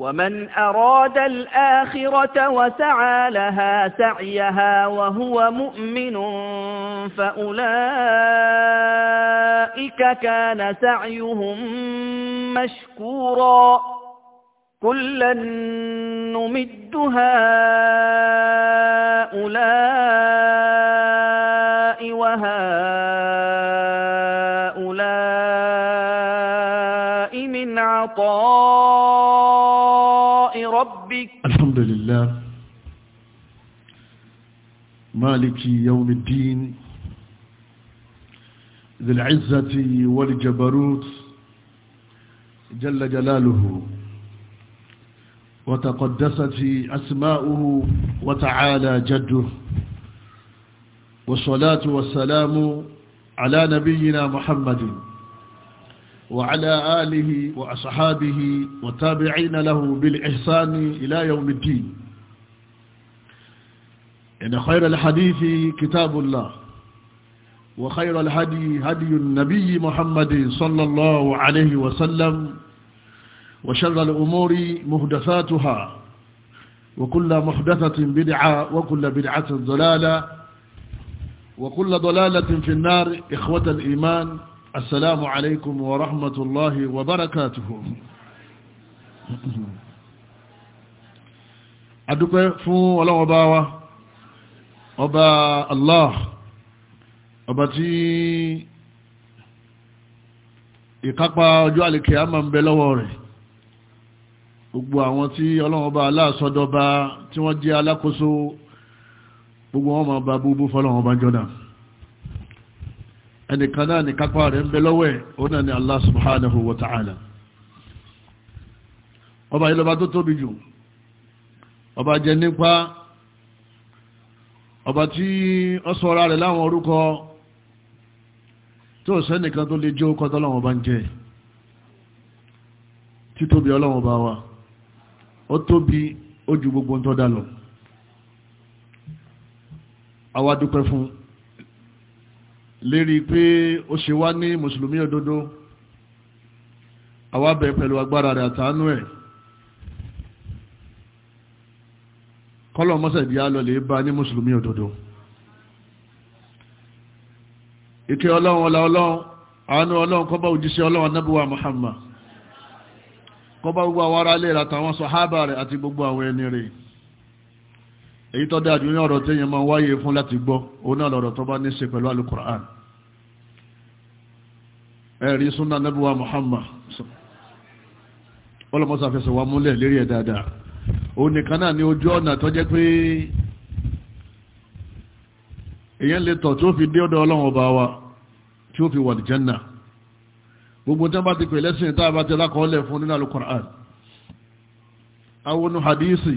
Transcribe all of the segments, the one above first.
ومن أراد الآخرة وسعى لها سعيها وهو مؤمن فأولئك كان سعيهم مشكورا كلا نمد هؤلاء وهؤلاء من عطاء الحمد لله مالك يوم الدين ذي العزة والجبروت جل جلاله وتقدست أسماؤه وتعالى جده والصلاة والسلام على نبينا محمد وعلى آله وأصحابه وتابعين له بالإحسان إلى يوم الدين إن خير الحديث كتاب الله وخير الهدي هدي النبي محمد صلى الله عليه وسلم وشر الأمور مهدثاتها وكل محدثة بدعة وكل بدعة ضلالة وكل ضلالة في النار إخوة الإيمان السلام عليكم ورحمة الله وبركاته adúpẹ́ fún ọlọ́wọ́ bá wa ọba Allah ọba tí ìkápá àlèkè a máa ń bẹ lọ́wọ́ rẹ̀ gbogbo àwọn tí ọlọ́wọ́ bá aláàsọ́dọ́ba tí wọ́n jẹ́ alákòóso gbogbo wọn máa bá búbú fọ́lọ́wọ́ bá jọ́dá ẹnìkan náà ní kápá rẹ̀ ń bẹ lọ́wọ́ ẹ̀ òun náà ni Allah subhanahu wa ta'ala ọba yìí lọ́ba tó tóbi jù ọba jẹ nípa ọba tí ó sọra rẹ̀ láwọn orúkọ tó sẹ́nìkan tó lè jẹ́ ó kọ́tọ́ láwọn ọba ń jẹ́ títóbi ọlọ́wọ́n bá wa ó tóbi ó ju gbogbo ń tọ́ dà lọ àwa fún un lérí pé ó ṣe wá ní mùsùlùmí òdodo àwa bẹ̀ pẹ̀lú agbára rẹ̀ àtàánú ẹ̀ kọ́lọ̀ mọ́sẹ̀dí alọ́lẹ̀ bá ní mùsùlùmí òdodo ìkẹ́ ọlọ́run ọlá ọlọ́run àánú ọlọ́run kọ́bá òjíṣẹ́ ọlọ́run anábíwá Muhammad kọ́bá gbogbo àwọn ará ilé rẹ̀ àtàwọn rẹ̀ àti gbogbo àwọn ẹni rẹ̀ èyí tó dájú ní ọ̀rọ̀ tẹ́yìn máa wáyé fún láti gbọ́ ó náà lọ́rọ̀ tó bá ní ṣe pẹ̀lú alukur'an ẹ̀rí súnà nẹ́bùwà Muhammad ọlọ́mọ́sá fẹsẹ̀ wà múlẹ̀ lérí ẹ̀ dáadáa ó nìkan náà ní ojú ọ̀nà tó jẹ́ pé èyàn lè tọ̀ tí ó fi dé ọ̀dọ̀ ọlọ́run ọba wa tí ó fi wà nìjẹ́nà gbogbo tí wọ́n bá ti pè lẹ́sìn tá a bá ti lákọọ́lẹ̀ fún nínú alukur'an àwọn hadisi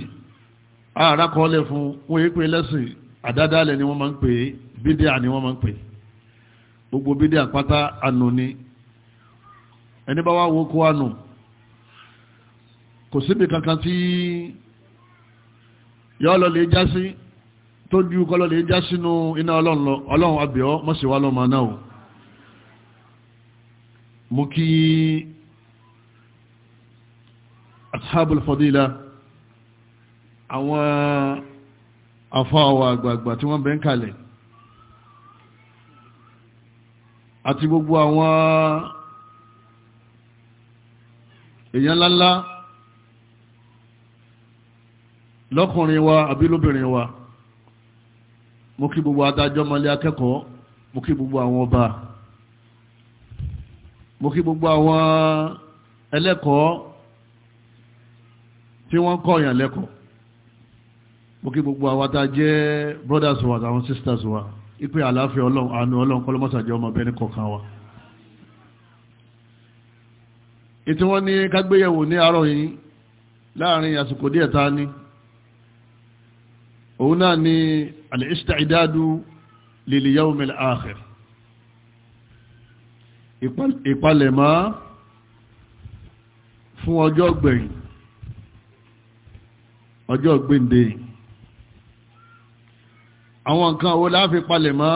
ara kan lè fún wọ́n yí pé lẹ́sìn àdádálẹ̀ ni wọ́n máa ń pè é bídíà ni wọ́n máa ń pè é gbogbo bídíà pátá ànú ni ẹni bá wá wo kó ànú kò síbi kankan tí yọ́ lọ lè já sí tó ju kọ́lọ́ lè já sínú iná ọlọ́run lọ ọlọ́run abẹ́ọ́ mọ́síwá lọ́mọ náà o mú kí ashabul fadila àwọn àfáàwà àgbààgbà tí wọ́n bẹ́ ń kalẹ̀ àti gbogbo àwọn èèyàn ńláńlá lọ́kùnrin wa àbí lóbìnrin wa mo kí gbogbo adájọ́ mọ́lé akẹ́kọ̀ọ́ mo kí gbogbo àwọn ọba mo kí gbogbo àwọn ẹlẹ́kọ̀ọ́ tí wọ́n kọ̀ọ̀yàn lẹ́kọ̀ọ́ mo kí gbogbo àwa tá jẹ́ brothers wa àtàwọn sisters wa ipe àlàáfíà ọlọ́run àánú ọlọ́run kọ́lọ́mọ́sàjẹ́ ọmọ bẹ́ẹ̀ ní kọ̀ọ̀kan wa ètò wọn ní kágbéyẹ̀wò ní àárọ̀ yìí láàrin àsìkò díẹ̀ ta ní òun náà ni al-isti'dadu lil yawm al-akhir ìpalẹ̀mọ́ fún ọjọ́ gbẹ̀yìn ọjọ́ gbẹ̀ndẹ̀yìn àwọn nǹkan wo láàfi palẹ̀ mọ́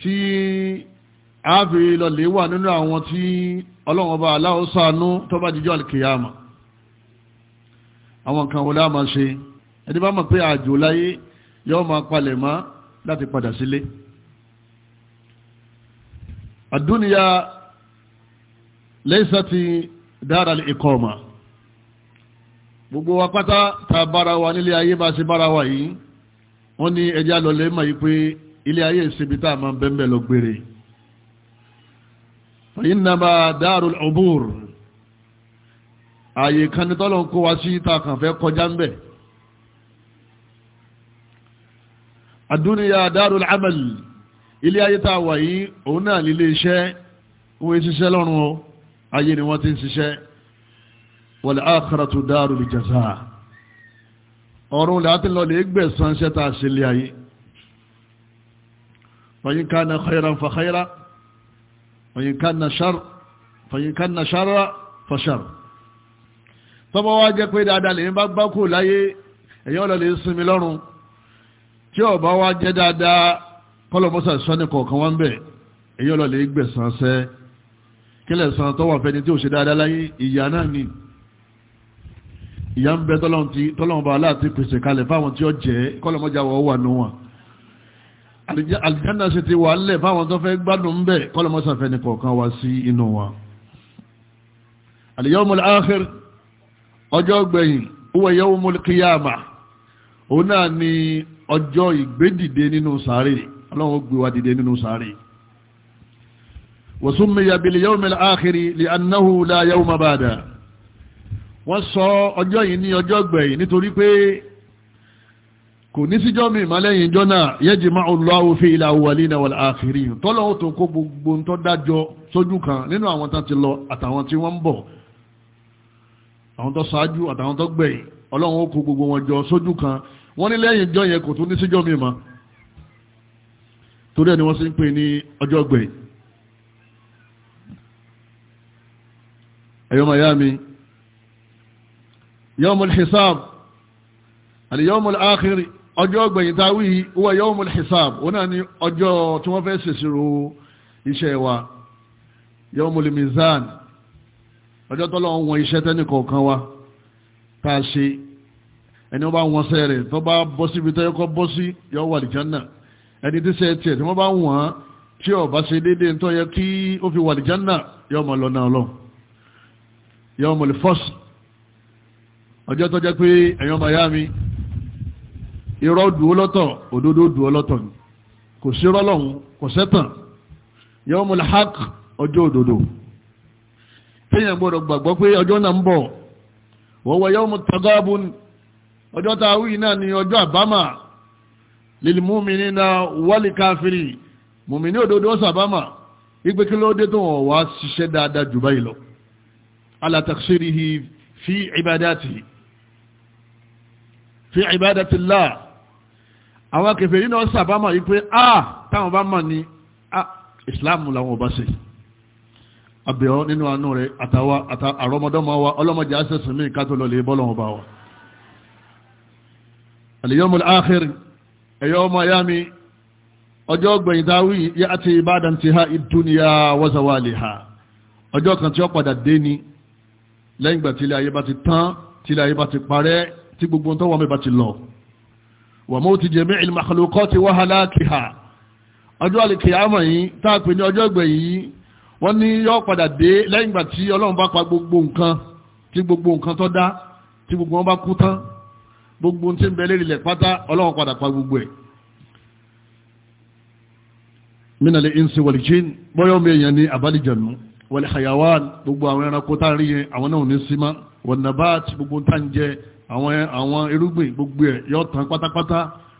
tí a fi lọlẹ̀ wà nínú àwọn tí ọlọ́run ọba aláwọ̀ ṣàánú tó bá dijọ́ alkiyama àwọn nǹkan wo láàmà ṣe ẹni bá mọ̀ pé àjò láyé yóò máa palẹ̀ mọ́ láti padà sílé àdúnìyà lẹ́sàtì dára ìkọ̀ọ̀mà gbogbo wa pátá ta bára wa nílé ayé bá ṣe bára wa yìí wọ́n ní ẹjá lọlẹ́ mọ̀ yìí pé ilé ayé ìsinmi tá a máa bẹ́ẹ̀ lọ gbére fàyínnàmà darul ubur ààyè kan ń kó wa sí ta kàn fẹ́ kọjá ń bẹ̀ àdúnyà darul amal ilé ayé tá a wà yìí òun náà nílé iṣẹ́ wọ́n ti ṣiṣẹ́ lọ́rùn o ayé ni wọ́n ti ń ṣiṣẹ́ wọ̀lẹ̀ áàkàràtù dáàrù lè jàzá ọ̀run láti lọlẹ̀ gbẹ̀sán ṣẹta sílé ayé fàyín ká na khairan fa khaira fàyín ká na ṣar fàyín ká na ṣara fa ṣar tọ́bọ̀ wá jẹ́ pé dáadáa lè bá bá kò láyé ẹ̀yọ́ lọlẹ̀ sinmi lọ́run tí ó bá wá jẹ́ dáadáa kọlọ̀mọ́sà sọ́ni kọ̀ọ̀kan wá bẹ̀ ẹ̀yọ́ lọlẹ̀ gbẹ̀sán sẹ́ kílẹ̀ sàn tọ́wọ́ fẹ́ni tí ò ṣe dáadáa láyé ìyá náà ni ìyá ń bẹ tọ́lọ́run ti tọ́lọ́run bá aláàtí pèsè kalẹ̀ fáwọn tí ó jẹ́ kọ́lọ́mọ́já wọ́ wà nù wọn àlìjánà sì ti wà lẹ̀ fáwọn tó fẹ́ gbádùn ń bẹ kọ́lọ́mọ́sàfẹ́ ní kọ̀ọ̀kan wá sí inú wọn al-yawmul akhir ọjọ́ gbẹ̀yìn huwa yawmul qiyamah òun náà ni ọjọ́ ìgbédìde nínú sàárè ọlọ́run gbé wa dìde nínú sàárè wa summiya bil yawmil akhir li annahu la yawma ba'da wọ́n sọ ọjọ́ yìí ní ọjọ́ gbẹ̀yìn nítorí pé kò ní síjọ́ mi ìmọ̀lẹ́yìn ìjọ náà yajma'u Allahu fi al-awwalina wal-akhirin tọ́lọ́wọ́ tó kó gbogbo ń tọ́ dájọ́ sójú kan nínú àwọn tán ti lọ àtàwọn tí wọ́n ń bọ̀ àwọn tó ṣáájú àtàwọn tó gbẹ̀yìn ọlọ́run ó kó gbogbo wọn jọ sójú kan wọ́n ní lẹ́yìn ìjọ yẹn kò tún ní síjọ́ mi mọ́ yawmul hisab al-yawmul akhir ọjọ́ gbẹ̀yìn tá a wí huwa yawmul hisab òun náà ni ọjọ́ tí wọ́n fẹ́ ṣèṣirò iṣẹ́ wa yawmul mizan ọjọ́ tọ́lọ́ wọn iṣẹ́ tẹ́nì kọ̀ọ̀kan wa tá a ṣe ẹni wọ́n bá wọn sẹ́ rẹ̀ tó bá bọ́ síbi tó yẹ kó bọ́ sí yọ wà lìjánà ẹni tí sẹ́ tí wọ́n bá wọ̀n tí ó bá ṣe déédéé tó yẹ kí ó fi wà lìjánà yọ lọ́nà ọlọ́ yawmul fasl ọjọ́ tó jẹ́ pé ẹ̀yàn maya mi irọ́ dùó lọ́tọ̀ òdodo dùó lọ́tọ̀ ni kò sí rọ́lọ́hun kò sẹ́tàn yawmul haq ọjọ́ òdodo téèyàn gbọ́dọ̀ gbàgbọ́ pé ọjọ́ náà ń bọ̀ wọ́wọ́ yawmut tagabun ọjọ́ tá a wí náà ni ọjọ́ àbámà lilmu'minina wal kafiri mùmìnì òdodo sàbámà wípé kí ló dé tó wọ́n wá ṣiṣẹ́ dáadáa jù báyìí lọ ala fi ibadatihi fi ibadatillah àwọn kèfèrí náà sàbámọ̀ yí pé a táwọn bá mọ̀ ní islam làwọn ọba ṣe àbẹ̀ọ́ nínú àánú rẹ̀ àtàwà àrọmọdọ́mọ wa ọlọ́mọdé àṣẹsùn ní ìkátó lọ lè bọ́lọ̀wọ̀ bá wa al-yawmul akhir ẹ̀yọ́ ọmọ ayá mi ọjọ́ gbẹ̀yìn dáwí yá àti ìbádàn ti ha ìdúnìyà wa zawaliha ọjọ́ kan tí ó padà dé ni lẹ́yìn gbà tílé ayé bá ti tán tílé ayé bá ti parẹ́ tí gbogbo tó wà mẹ́bà ti lọ wà mọ́ ti jẹ́ mẹ́rin makalokọ́ ti wá aláàkìhà ọjọ́ alìkìyàmọ̀ yìí táàpì ní ọjọ́ ìgbẹ̀ yìí wọ́n ní yọ́ padà dé lẹ́yìn ìgbà tí ọlọ́run bá pa gbogbo nǹkan tí gbogbo nǹkan tó dá tí gbogbo wọn bá kú tán gbogbo tí ń bẹ lérí ilẹ̀ pátá ọlọ́run padà pa gbogbo ẹ̀ mínàlẹ̀ insi wàlìjín bọ́yọ́ mi èèyàn ní àbálìjànú wàlìhàyàwá gbogbo àwọn ẹranko tá a rí yẹn àwọn náà ò ní sí mọ́ wọ̀nàbá ti gbogbo tá ń jẹ àwọn àwọn irúgbìn gbogbo ẹ̀ yọ tán pátápátá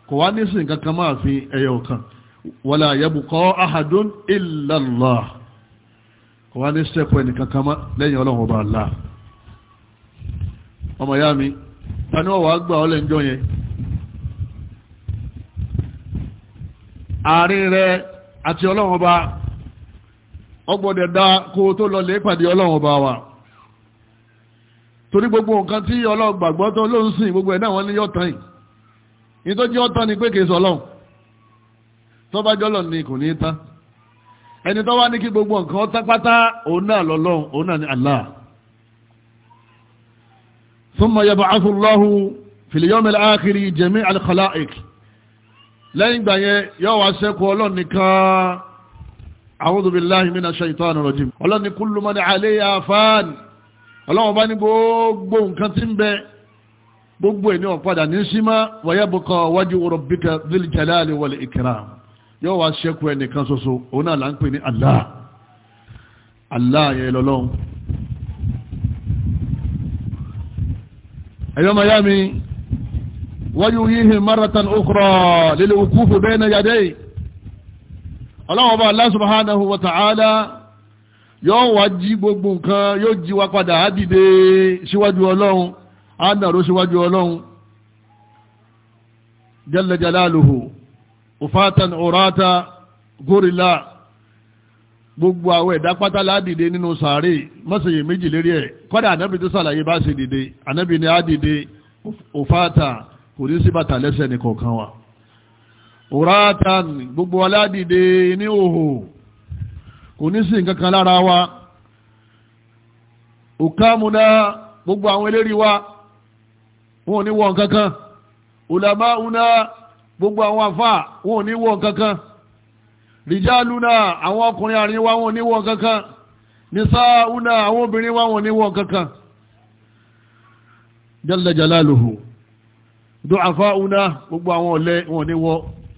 kò wá ní sin kankan máa fi ẹyọ kan wala ahadun illa kò wá ní sẹ́kù ẹnì kankan má lẹ́yìn ọlọ́run ọba ọmọ ya mi ta ni wọ́n wàá gbà ọ́ lẹ́njọ́ yẹn àárín rẹ àti ọlọ́run ọba ọgbọ́dẹ̀ lọ lè pàdé ọlọ́run wa. torí gbogbo nǹkan tí ọlọ́run gbàgbọ́ tó ló ń sìn gbogbo ẹ̀ náà wọ́n ní yọ̀tàn yìí ní tó jẹ́ ọ̀tàn ni pé kìí sọlọ́run tó bá jọlọ ni kò ní í tán ẹni tó wá ní kí gbogbo nǹkan tán pátá òun náà lọ́lọ́run òun náà ni Allah thumma yab'athu Allahu fil yawmil akhir jami' al-khalaiq lẹ́yìn ìgbà yẹn yóò wá sẹ́kù ọlọ́run nìkan a'udhu billahi minash shaitanir ọlọ́wọ́n bá ní gbogbo nǹkan tí ń bẹ gbogbo ẹ̀ ní ọ̀padà ní símá wàyẹ́bùkọ wájú wọ́rọ̀ bíkà zil jalali wal ikram yóò wá ṣẹ́kù ẹ̀ nìkan ṣoṣo òun náà là ń pè ní Allah Allah yẹn lọ́lọ́run ẹ̀yọ́ mayami wáyú yíhe maratan okra lílẹ̀ òkúfù bayna yàdẹ́ ọlọ́wọ́n bá Allah subhanahu wa ta'ala yóò wá jí gbogbo nǹkan yóò jí wá padà á dìde síwájú ọlọ́run á nàró síwájú ọlọ́run jalla jalaluhu òfàtàn òráta górìlà gbogbo àwọn ẹ̀dá pátá ládìde nínú sàárè mọ́sàyè méjì lérí ẹ̀ kọ́dà ànábì tó sàlàyé bá ṣe dìde ànábì ni á dìde òfàtà kò ní sí bàtà lẹ́sẹ̀ nìkọ̀ọ̀kan wa òráta gbogbo aládìde ní òhò kò ní sí nǹkan kan lára wa òkàmúná gbogbo àwọn eléri wa wọn ò ní wọ nǹkan kan òlàmáhùná gbogbo àwọn àfà wọn ò ní wọ nǹkan kan rìjálùná àwọn ọkùnrin àárín wa wọn ò ní wọ nǹkan kan nisauna àwọn obìnrin wa wọn ní wọn kankan jalla jalaluhu du'afauna gbogbo àwọn ọ̀lẹ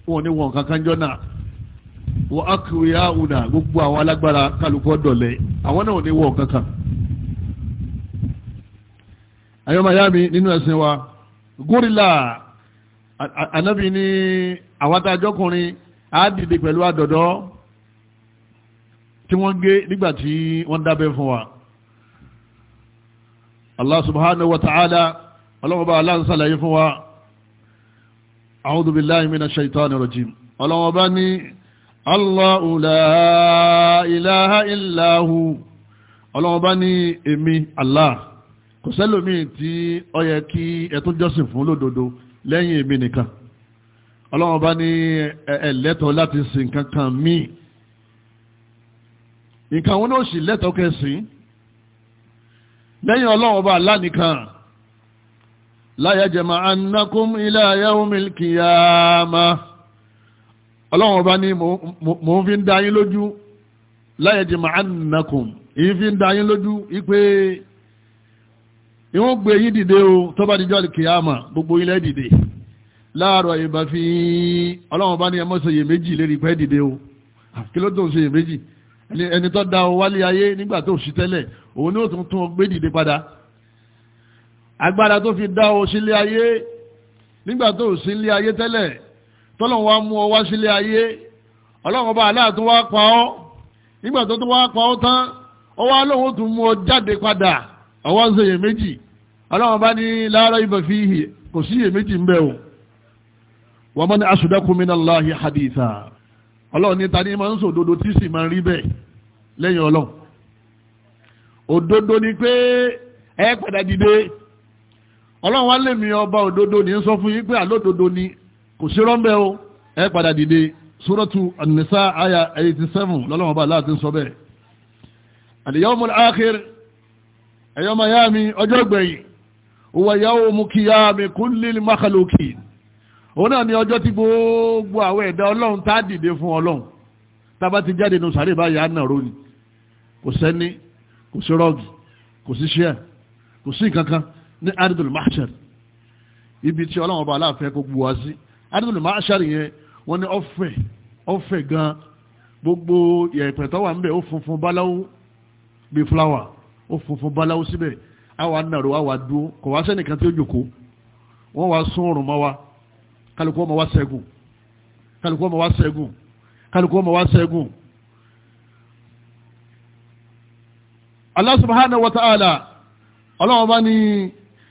wọn ní wọn kankan jọ náà wọ́n akiri àwùnà gbogbo àwọn alágbára kálukọ́ dọ̀lẹ́ àwọn náà ní wọ̀ kankan. ayọ́mayami nínú ẹ̀sìn wa gúrìlà anábì ní àwọn atajọ́kùnrin á dìde pẹ̀lú àdọ̀dọ́ tí wọ́n gé nígbà tí wọ́n dábẹ́ fún wa. Allah subhanahu wa ta'ala ọlọ́mọba aláǹsàlàyé fún wa. A'udhu billahi minash shaitani rajim. ọlọ́mọba ní. Allahu la ilaha illa hu ọlọ́wọ́ bá ní èmi Allah kò sẹ́lòmí tí ó yẹ kí ẹ tún jọ́sìn fún lódodo lẹ́yìn èmi nìkan ọlọ́wọ́ bá ní ẹ̀lẹ́tọ̀ láti sìn kankan míì nǹkan wọn náà sì lẹ́tọ̀ kẹsìn lẹ́yìn ọlọ́wọ́ bá Allah nìkan la yajma'annakum ila yawmil qiyamah ọlọ́run ọba ní mò ń fi ń dá yín lójú láyé di ma'annakum èyí fi ń dá yín lójú wípé ìwọ́n gbé yín dìde o tó bá dijọ́ kìyàmà gbogbo ilẹ̀ dìde láàárọ̀ ìbá fi ọlọ́run ọba ní ẹ má ṣe iyèméjì lérí pé dìde o kí ló tó ń ṣe iyèméjì ẹni tó da ọ wálé ayé nígbà tó sì tẹ́lẹ̀ òun ni ó tún tún gbé dìde padà agbára tó fi dá ọ sílé ayé nígbà tó sílé ayé tẹ́lẹ̀ tọ́lọ́run wá mú ọ wá sílé ayé ọlọ́run ọba aláàtú wá pa ọ́ tó wá pa tán tún padà ọwọ́ ń ṣe ọlọ́run ọba ní láàárọ̀ ibà fi hì kò sí iyèméjì ń o wa ọlọ́run ní ta ni máa ń sòdodo tí sì máa ń rí bẹ́ẹ̀ lẹ́yìn ọlọ́run òdodo ni pé ẹ padà dìde ọlọ́run wá ọba òdodo ní sọ fún yín kò sí rọ́mbẹ́ o ẹ padà dìde sórọ́tù ànìsá àyà 87 lọ́lọ́wọ́ bá láti sọ bẹ́ẹ̀ àlèyàwó àkír ẹ̀yọ́ miami ọjọ́ gbẹ̀yìn òwò yàwó mú kí yá mi kú lílì mákàlókì òun náà ni ọjọ́ tí gbogbo àwọn ẹ̀dá ọlọ́run tá dìde fún ọlọ́run tábà ti jáde nù sàárè báyìí á nàró ni kò sẹ́ni kò sí rọ́ọ̀gì kò sí ṣẹ́ẹ̀ kò sí kankan ní adidul mahshar ibi tí ọlọ́run ọba aláàfẹ́ kó gbù wá sí adúlù máa ṣàrì yẹn wọ́n ní ọ̀fẹ́ gan gbogbo yẹ̀pẹ̀ tó wà ń bẹ̀ ó funfun báláwo bíi fúláwà ó funfun báláwo awa àwa nàró àwa dúró kò wá sẹ́nìkan tí ó jòkó wọ́n wá sún ọ̀rùn mọ́ wa kálukú ọmọ wa kálukú ọmọ wa kálukú ọmọ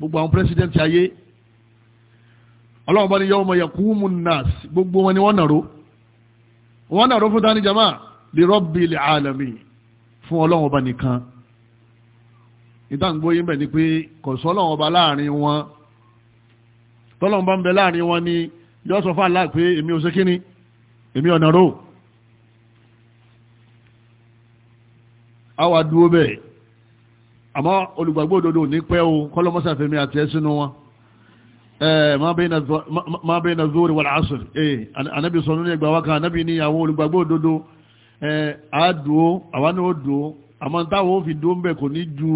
gbogbo àwọn pírẹsidẹ́ntì ayé ọlọ́run bá ní yawma yaqumu nnas gbogbo wọn ni wọ́n nàró wọ́n nàró fún dání jama li rabbil alamin fún ọlọ́run ọba nìkan ìdáǹgbó yín bẹ̀ ni pé kò sọ ọlọ́run láàrin wọn tọ́lọ́run ń bẹ láàrin wọn ni yọ́ sọ fún Allah pé èmi ò ṣe kíni èmi ọ̀nà rò àwa bẹ́ẹ̀ àmọ́ olùgbàgbọ́ òdodo ní pẹ́ o kọ́lọ́mọ́sà fẹ́mi àti ẹ sínú wọn ma bẹ́ na zóòrè wà láàásùn ee anábì sọ nínú ẹgbà wákan anábì ní àwọn olùgbàgbọ́ òdodo àádùó àwọn ní ó dùó àmọ́ táwọn ó fi dùó ń bẹ̀ kò ní ju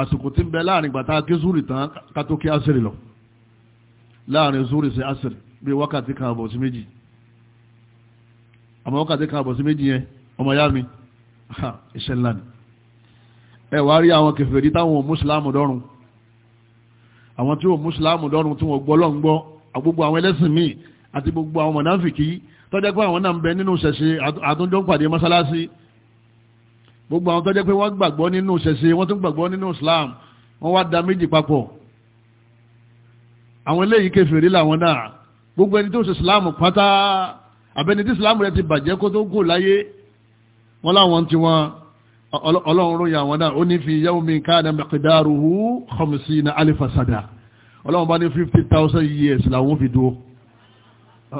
àsìkò tí ń bẹ láàrin gbàtà kí zúrì tán kátó kí asìrì lọ láàrin zúrì ni ẹ wá rí àwọn kèfèrí táwọn ò mùsùlámù dọ́rùn àwọn tí ò mùsùlámù dọ́rùn tí wọ́n gbọ́ lọ́n gbọ́ gbogbo àwọn ẹlẹ́sìn míì àti gbogbo àwọn mọ̀náfìkì tọ́jẹ́ pé àwọn náà ń bẹ nínú ṣẹ̀ṣe àtúnjọ́ ń pàdé mọ́sálásí gbogbo àwọn tọ́jẹ́ pé wọ́n gbàgbọ́ nínú ṣẹ̀ṣe wọ́n tún gbàgbọ́ nínú Islam wọ́n wá da méjì papọ̀ àwọn eléyìí kèfèrí làwọn náà gbogbo ẹni tó ṣe Islam pátá àbẹni tí Islam rẹ ti bàjẹ́ kó tó kù láyé wọ́n láwọn tiwọn ọlọ́run ròyìn àwọn náà ó ní fi yawmin kana miqdaruhu khamsina alfa sana ọlọ́run bá ní 50,000 years làwọn fi dúó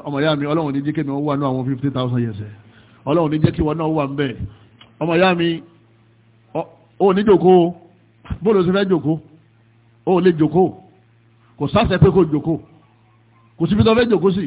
ọmọ ìyá mi ọlọ́run ní jẹ́ kí wọ́n wà ní àwọn 50,000 years ọlọ́run ní jẹ́ kí wọ́n náà wà ń bẹ̀ ọmọ ìyá mi ó ní jòkó bóòlù sí fẹ́ jòkó ó lè jòkó kò sáṣẹ pé kò jòkó kò síbi tó fẹ́ jòkó sí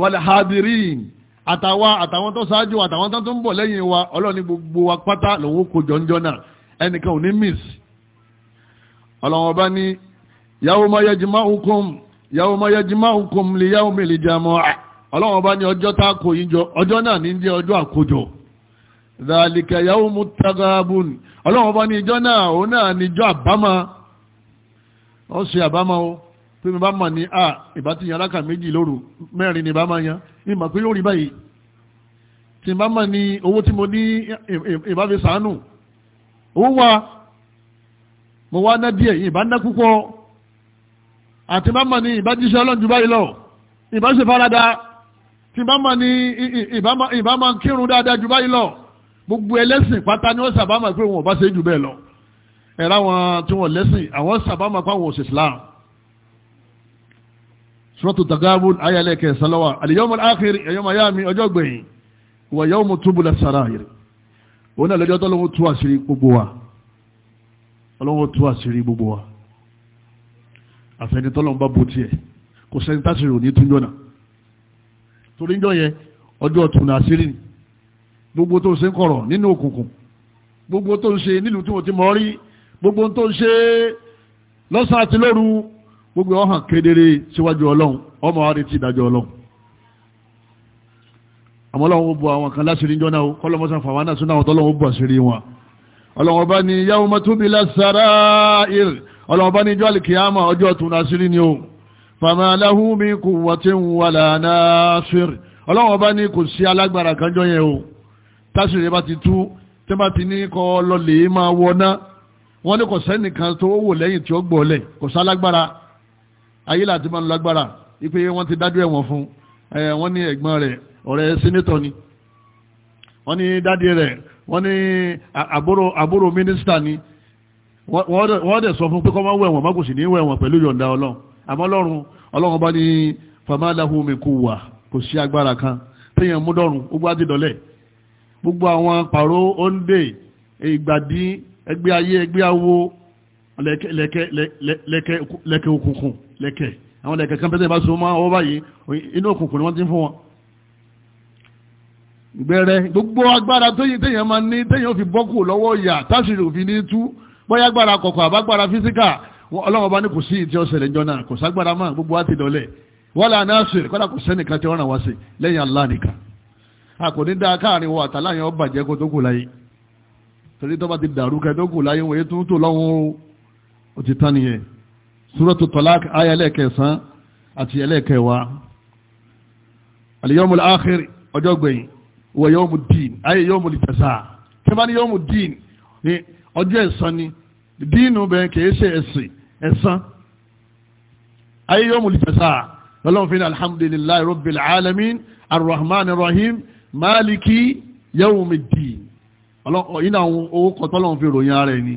wàlhàdìrín àtàwọn àtàwọn tó ṣáájú àtàwọn tó ń bọ̀ lẹ́yìn wa ọlọ́ni gbogbo wa pátá lòun kò jọ̀ǹjọ̀ náà ẹnìkan ò ní miss ọlọ́wọ́n bá ní yawma yajma'ukum yawma yajma'ukum li yawmil jama'ah ọlọ́wọ́n bá ní ọjọ́ tá a kò yín jọ ọjọ́ náà ní jẹ́ ọjọ́ àkójọ dhalika yawmut taghabun ọlọ́wọ́n bá ní ìjọ náà òun náà níjọ́ àbámọ́ àbámọ́ o tí mi bá mọ̀ ní a ah, ìbá ti yan alákà méjì lóru mẹ́rin ni bá máa yan ìmọ̀ pé yóò rí báyìí tí mi bá mọ̀ ní owó tí mo ní ìbá fi sàánù owó wa mo wá ná díẹ̀ ìbá ná púpọ̀ àti bá mọ̀ ní ìbá jíṣẹ́ ọlọ́njú báyìí lọ ìbá ṣe farada tí mi bá mọ̀ ní ìbá máa kírun dáadáa jù báyìí lọ gbogbo ẹlẹ́sìn pátá ni wọ́n sábà máa pé wọn ò bá ṣe jù bẹ́ẹ̀ lọ ẹ̀rọ tí wọ́n lẹ́sìn àwọn sábà máa pa òṣìṣẹ́ láàrùn suratu tagabun ayalẹ̀ kẹsàlọ́wà al-yawmul akhir ẹ̀yọ́mọ̀ yá mi ọjọ́ gbẹ̀yìn wà yawmu tubula sarair òun náà lọ́jọ́ tọ́lọ́wọ́ tú àṣírí gbogbo wa ọlọ́wọ́ tú àṣírí gbogbo wa àfẹ́ni tọ́lọ́wọ́ bá bo tiẹ̀ kò sẹ́ni táṣírí òní túnjọ́ náà torí ń jọ yẹn gbogbo ọ̀hàn kedere síwájú ọlọ́run ọmọ wa retí ìdájọ́ ọlọ́run àmọ́ ọlọ́run ó bu àwọn kan láṣìírí jọ náà kọ́lọ́mọ́sán fàwọn náà sún náà tọ́lọ́run ó bu àṣírí wọn ọlọ́run ọba ni yawma tubila sarair ọlọ́run ọba ni ijọ́ àlìkìyàmà ọjọ́ tún àṣírí ni o fama lahu min quwwatin wala nasir ọlọ́run ọba ni kò sí alágbára kan jọ yẹn o táṣìírí bá ti tú tí wọ́n ti ní tí ó gbọ́ ayé láti máa ń lágbára ipe wọ́n ti dájú ẹ̀wọ̀n fún wọ́n ní ẹ̀gbọ́n rẹ̀ ọ̀rẹ́ sínétọ̀ ni wọ́n ní dádì rẹ̀ wọ́n ní àbúrò àbúrò mínísítà ni wọ́n dẹ̀ sọ fún pé kọ́ máa wẹ̀wọ̀n má kò sì ní wẹ̀wọ̀n pẹ̀lú yọ̀ǹda ọlọ́run àmọ́ ọlọ́run ọlọ́run bá ní famalahum min quwwa kò sí agbára kan téèyàn mú dọ́rùn gbogbo àdìdọ́lẹ̀ gbogbo àwọn pàró òǹdè ìgbàdí ẹgbẹ́ ayé ẹgbẹ́ awo lẹ́kẹ́ òkùnkùn lẹ́kẹ́ àwọn lẹ́kẹ́ kan pẹ́sẹ̀ bá so máa ọwọ́ báyìí inú òkùnkùn ni wọ́n ti ń fún wọn gbẹ̀rẹ̀ gbogbo agbára téyàn máa ní téyàn fi bọ́kù lọ́wọ́ ìyà táṣìrì òfin ní tú bóyá agbára kọ̀kọ̀ àbágbára físíkà ọlọ́wọ́ bá ní kò sí ìtí ọ̀sẹ̀lẹ̀ jọ náà kò ságbára máa gbogbo á ti dọ̀lẹ̀ wala nasir kọ́dà kò sẹ́nìkan tí wọ́n ràn wá sí lẹ́yìn Allah nìkan a kò ní dá káàrin wọ àtàláyàn ọbàjẹ́ kó tó kù láyé torí tó bá ti dàrú kẹ́ tó kù láyé wọ́n yé tó ń lọ́wọ́ ó ti tán nìyẹn Suratu Talaq ayé ẹlẹ́ẹ̀kẹsàn àti ẹlẹ́ẹ̀kẹwàá al-yawmul akhir ọjọ́ gbẹ̀yìn wa yawmud din ayé yawmul jazaa kí wọ́n bá ní yawmud din ní ọjọ́ ẹ̀san ni dínú bẹ́ẹ̀ kìí ṣe ẹ̀sìn ẹ̀san ayé yawmul jazaa lọ́lọ́run fi ní alhamdulillahi rabbil alamin arrahman arrahim maliki yawmid din ọ̀yìn àwọn owó kọ́tọ́lọ́run fi ròyìn ara ẹni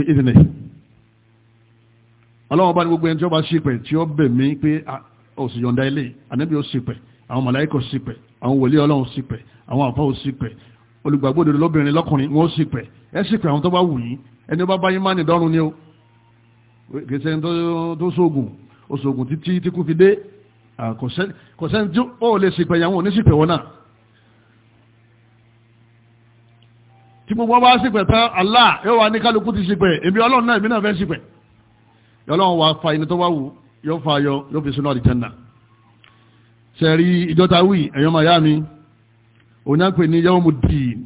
bí ìdílé ọlọ́wọ́ bá ní gbogbo ẹni tí ó bá ṣìpẹ̀ tí ó bẹ̀ mí pé òsì ah, yọ̀ǹda ilé ànábì ó ṣìpẹ̀ àwọn màláìkọ̀ ṣìpẹ̀ àwọn wòlíì ọlọ́run ṣìpẹ̀ àwọn àfọ́ ó ṣìpẹ̀ olùgbàgbọ́dọ̀ lóbìnrin lọ́kùnrin wọn ó ṣìpẹ̀ ẹ ṣìpẹ̀ àwọn tó bá wù yín ẹni bá báyìí má ní dọ́run ni ó kìsẹ́ tó ṣoògùn oṣoògùn títí tí kú fi dé kò sẹ́ni tí ó lè ṣìpẹ̀ yàwọn oníṣìpẹ̀ wọn náà tí gbogbo wọn bá ṣìpẹ̀ tán Allah yóò wá ní kálukú ti ṣìpẹ̀ èmi ọlọ́run náà èmi náà fẹ́ ṣìpẹ̀ ọlọ́run wà fa ẹni tó wá wù yóò fa ayọ yóò fi sínú àlìjẹ́nà ṣẹ̀rí ìjọta wì ẹ̀yọ́ màyá mi òun á pè ní yawmu din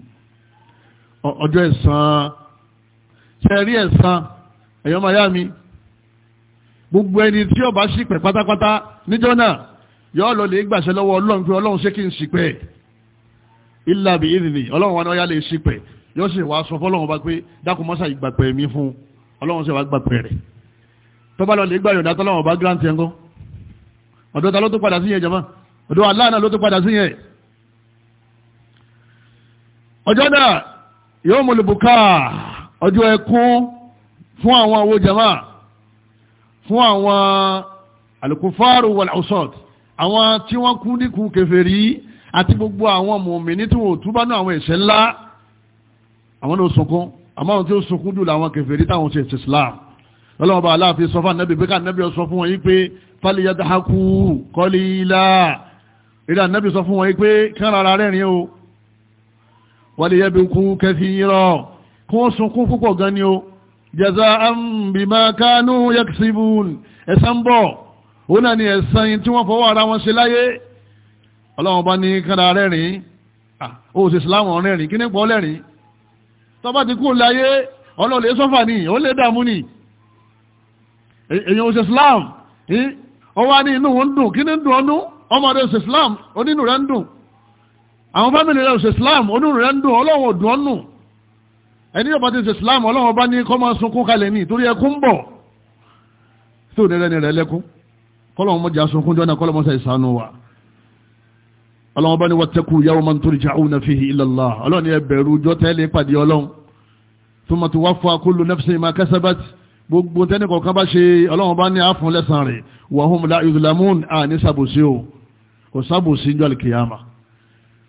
ọjọ́ ẹ̀san ṣẹ̀rí ẹ̀san ẹ̀yọ́ màyá mi gbogbo ẹni tí ó bá pátápátá níjọ́ náà yóò lọ lè gbàṣẹ lọ́wọ́ ọlọ́run pé ọlọ́run ṣé kí n ṣìpẹ̀ illa bi idhni ọlọ́run wọn ni wọ́n yá lè ṣìpẹ̀ yóò sì wá sọ fọlọ́wọ́n bá pé dákun mọ́sá ìgbàpẹ̀ mi fún ọlọ́wọ́n sì wá gbàpẹ̀ rẹ̀ tó bá lọ lè gbà yọ̀dá tọ́lọ́wọ́n bá grant yẹn kọ́ ọ̀dọ́ ta ló tó padà sí yẹn jama ọ̀dọ́ Allah náà ló tó padà sí yẹn. ọjọ́ náà yóò mú olùbùkà ọjọ́ ẹkún fún àwọn owó jama fún àwọn alukufaru wal-usad àwọn tí wọ́n kú níkù kèfèrí àti gbogbo àwọn mùmíní tí wọ́n àwọn ẹ̀ṣẹ̀ ńlá àwọn náà sunkún àmọ́ àwọn tí ó sunkún jù làwọn kèfèrí táwọn ṣe Islam lọ́lọ́wọ́ bá aláàfin sọ fún anábì pé ká anábì sọ fún wọn yí pé falyadhaku qalila eré anábì sọ fún wọn yí pé kán rárá rẹ́rìn ni o jaza'an bima kanu yaksibun ẹ̀san bọ̀ ó náà ni ẹ̀san yìí tí wọ́n fọwọ́ bá ní kán rárá ó sì Islam rẹ́rìn kí ní pọ́ lẹ́rìn tọ́bá ti kú láyé ọlọ́lẹ̀ sọ́fà ní ó lè dàmú ní e-, èyàn òṣè Islam ó wá ní inú ń dùn kí ní dùn ọdún ọmọdé òṣè Islam onínú rẹ̀ ń dùn àwọn fámìlì rẹ̀ òṣè Islam onínú rẹ̀ ń dùn ọlọ́wọ̀ dùn ọ́nù ẹni ọba ti Islam ọlọ́wọ̀ bá ní kọ́ máa sunkún kalẹ̀ ní torí ẹkún ń bọ̀ tí ò ní rẹ̀ ní ọlọ́wọ́n bá ní wattaqu yawman turja'una fihi ila Allah ọlọ́ni ẹbẹ̀rù ọjọ́ tẹ́lẹ̀ pàdé ọlọ́run thumma tuwaffa kullu nafsin ma kasabat gbogbo tẹ́ni kọ̀ọ̀kan bá ṣe ọlọ́run bá ní àfún lẹ́sàn rẹ̀ wa hum la yuzlamun à ní sàbòsí o kò sàbòsí jọ alkiyama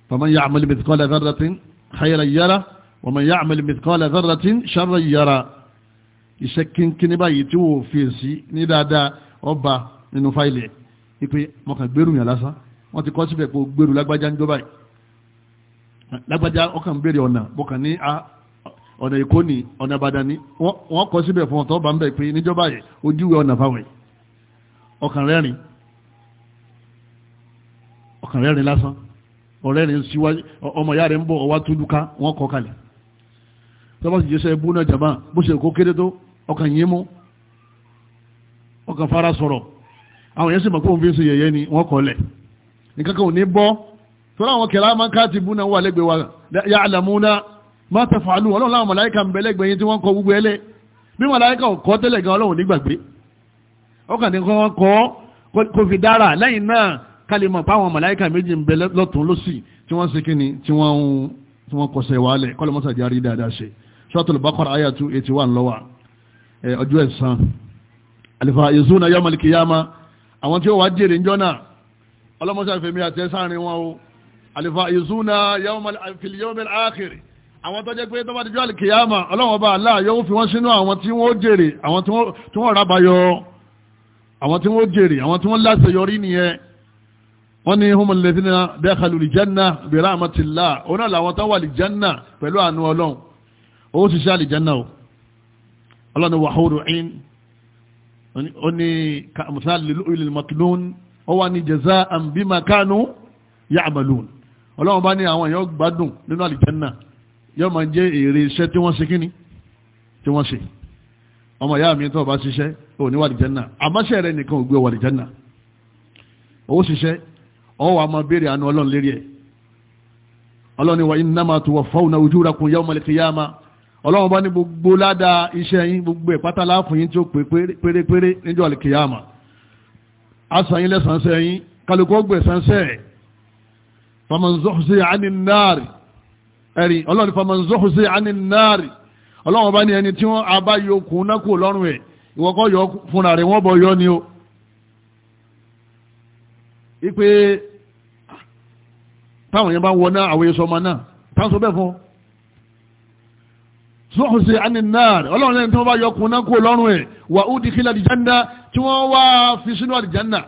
faman ya'mal mithqala dharratin khayran yara wa man ya'mal mithqala dharratin sharran wọ́n ti kọ́ síbẹ̀ kó gbèrú lágbájá ń jọba lágbájá ọkàn béèrè ọ̀nà bọ́kàn ní ah, ọ̀nà èkó ní ọ̀nà ìbàdàn ní wọ́n kọ́ síbẹ̀ fún ọ̀tọ́ bá ń bẹ̀ pé ojúwe ọ̀nà fáwọn ọkàn ọkàn lásán síwájú ọmọ ìyá rẹ̀ ń bọ̀ ọwá túlùká wọ́n kọ́ kalẹ̀ tọ́bọ̀ sì jẹ́sẹ̀ nìkan kan ò ní bọ́ tọ́lá àwọn kẹlá máa káàtì bú náà wà lẹ́gbẹ̀ẹ́ wa yà àlàmúná má tẹ̀fà lù ọlọ́run láwọn màláìka ń bẹ lẹ́gbẹ̀ẹ́ yín tí wọ́n kọ gbogbo ẹlẹ́ bí màláìka ò kọ́ tẹ́lẹ̀ gan ọlọ́run nígbàgbé ọkàn ní kan kọ́ kò fi dára lẹ́yìn náà kálí mọ̀ páwọn màláìka méjì ń bẹ lọ́tún lọ́sì tí wọ́n ṣe kíni tí wọ́n kọsẹ̀ wálẹ̀ kọ́lọ́mọ́sà járí dáadáa ṣe Suratul ọlọ́mọsá fèmí àti ẹ̀sáàrin wọn o àlìfà ìzúná fìlíọ́mẹ́lì áàkìrì àwọn tó jẹ́ pé tó bá dijọ́ àlìkìyàmà ọlọ́wọ́n bá aláà yóò fi wọ́n sínú àwọn tí wọ́n jèrè àwọn tí wọ́n rábayọ àwọn tí wọ́n jèrè àwọn tí wọ́n láṣẹ yọrí nìyẹn wọ́n ní humul ladhina dakhalu lìjánná bi rahmatillah òun náà làwọn tó wọ́n wá ní jaza'an bima kanu ya'malun ọlọ́run bá ní àwọn èèyàn gbádùn nínú àlìjẹ́nà yóò máa jẹ́ èrè iṣẹ́ tí wọ́n ṣe kíní tí wọ́n ṣe ọmọ ìyá mi tó bá ṣiṣẹ́ ò ní wàlìjẹ́nà àmọ́ṣẹ́ rẹ nìkan ò gbé wàlìjẹ́nà owó ṣiṣẹ́ ọwọ́ àmọ́ béèrè àánú ọlọ́run lérí ẹ̀ ọlọ́run ni wa innama tuwaffawna ujurakum yawmal qiyamah ọlọ́run bá ní gbogbo ládàá iṣẹ́ yín gbogbo ẹ̀ pátá yín tí ó pé pérépéré níjọ́ àlìkìyàmà asanyile sanse yi kálukú ọgbẹ̀ sánsẹ́ famanzọ́hùsí àní náàrí ẹ̀rí ọlọ́ni famanzọ́hùsí àní náàrí ọlọ́wọ́n bá ní ẹni tí wọ́n abá yókùn nákù lọ́rùn ẹ̀ ìwọ́kọ́ yọ yọ ni o ipe táwọn yẹn bá wọ náà àwọn èso náà táwọn fún zuhun sí aninnaari ọlọ́run lẹ́yìn tí wọ́n bá yọ kùnà kú lọ́rùn ẹ̀ wà ó di kílà àdìjánná tí wọ́n wá fi sínú àdìjánná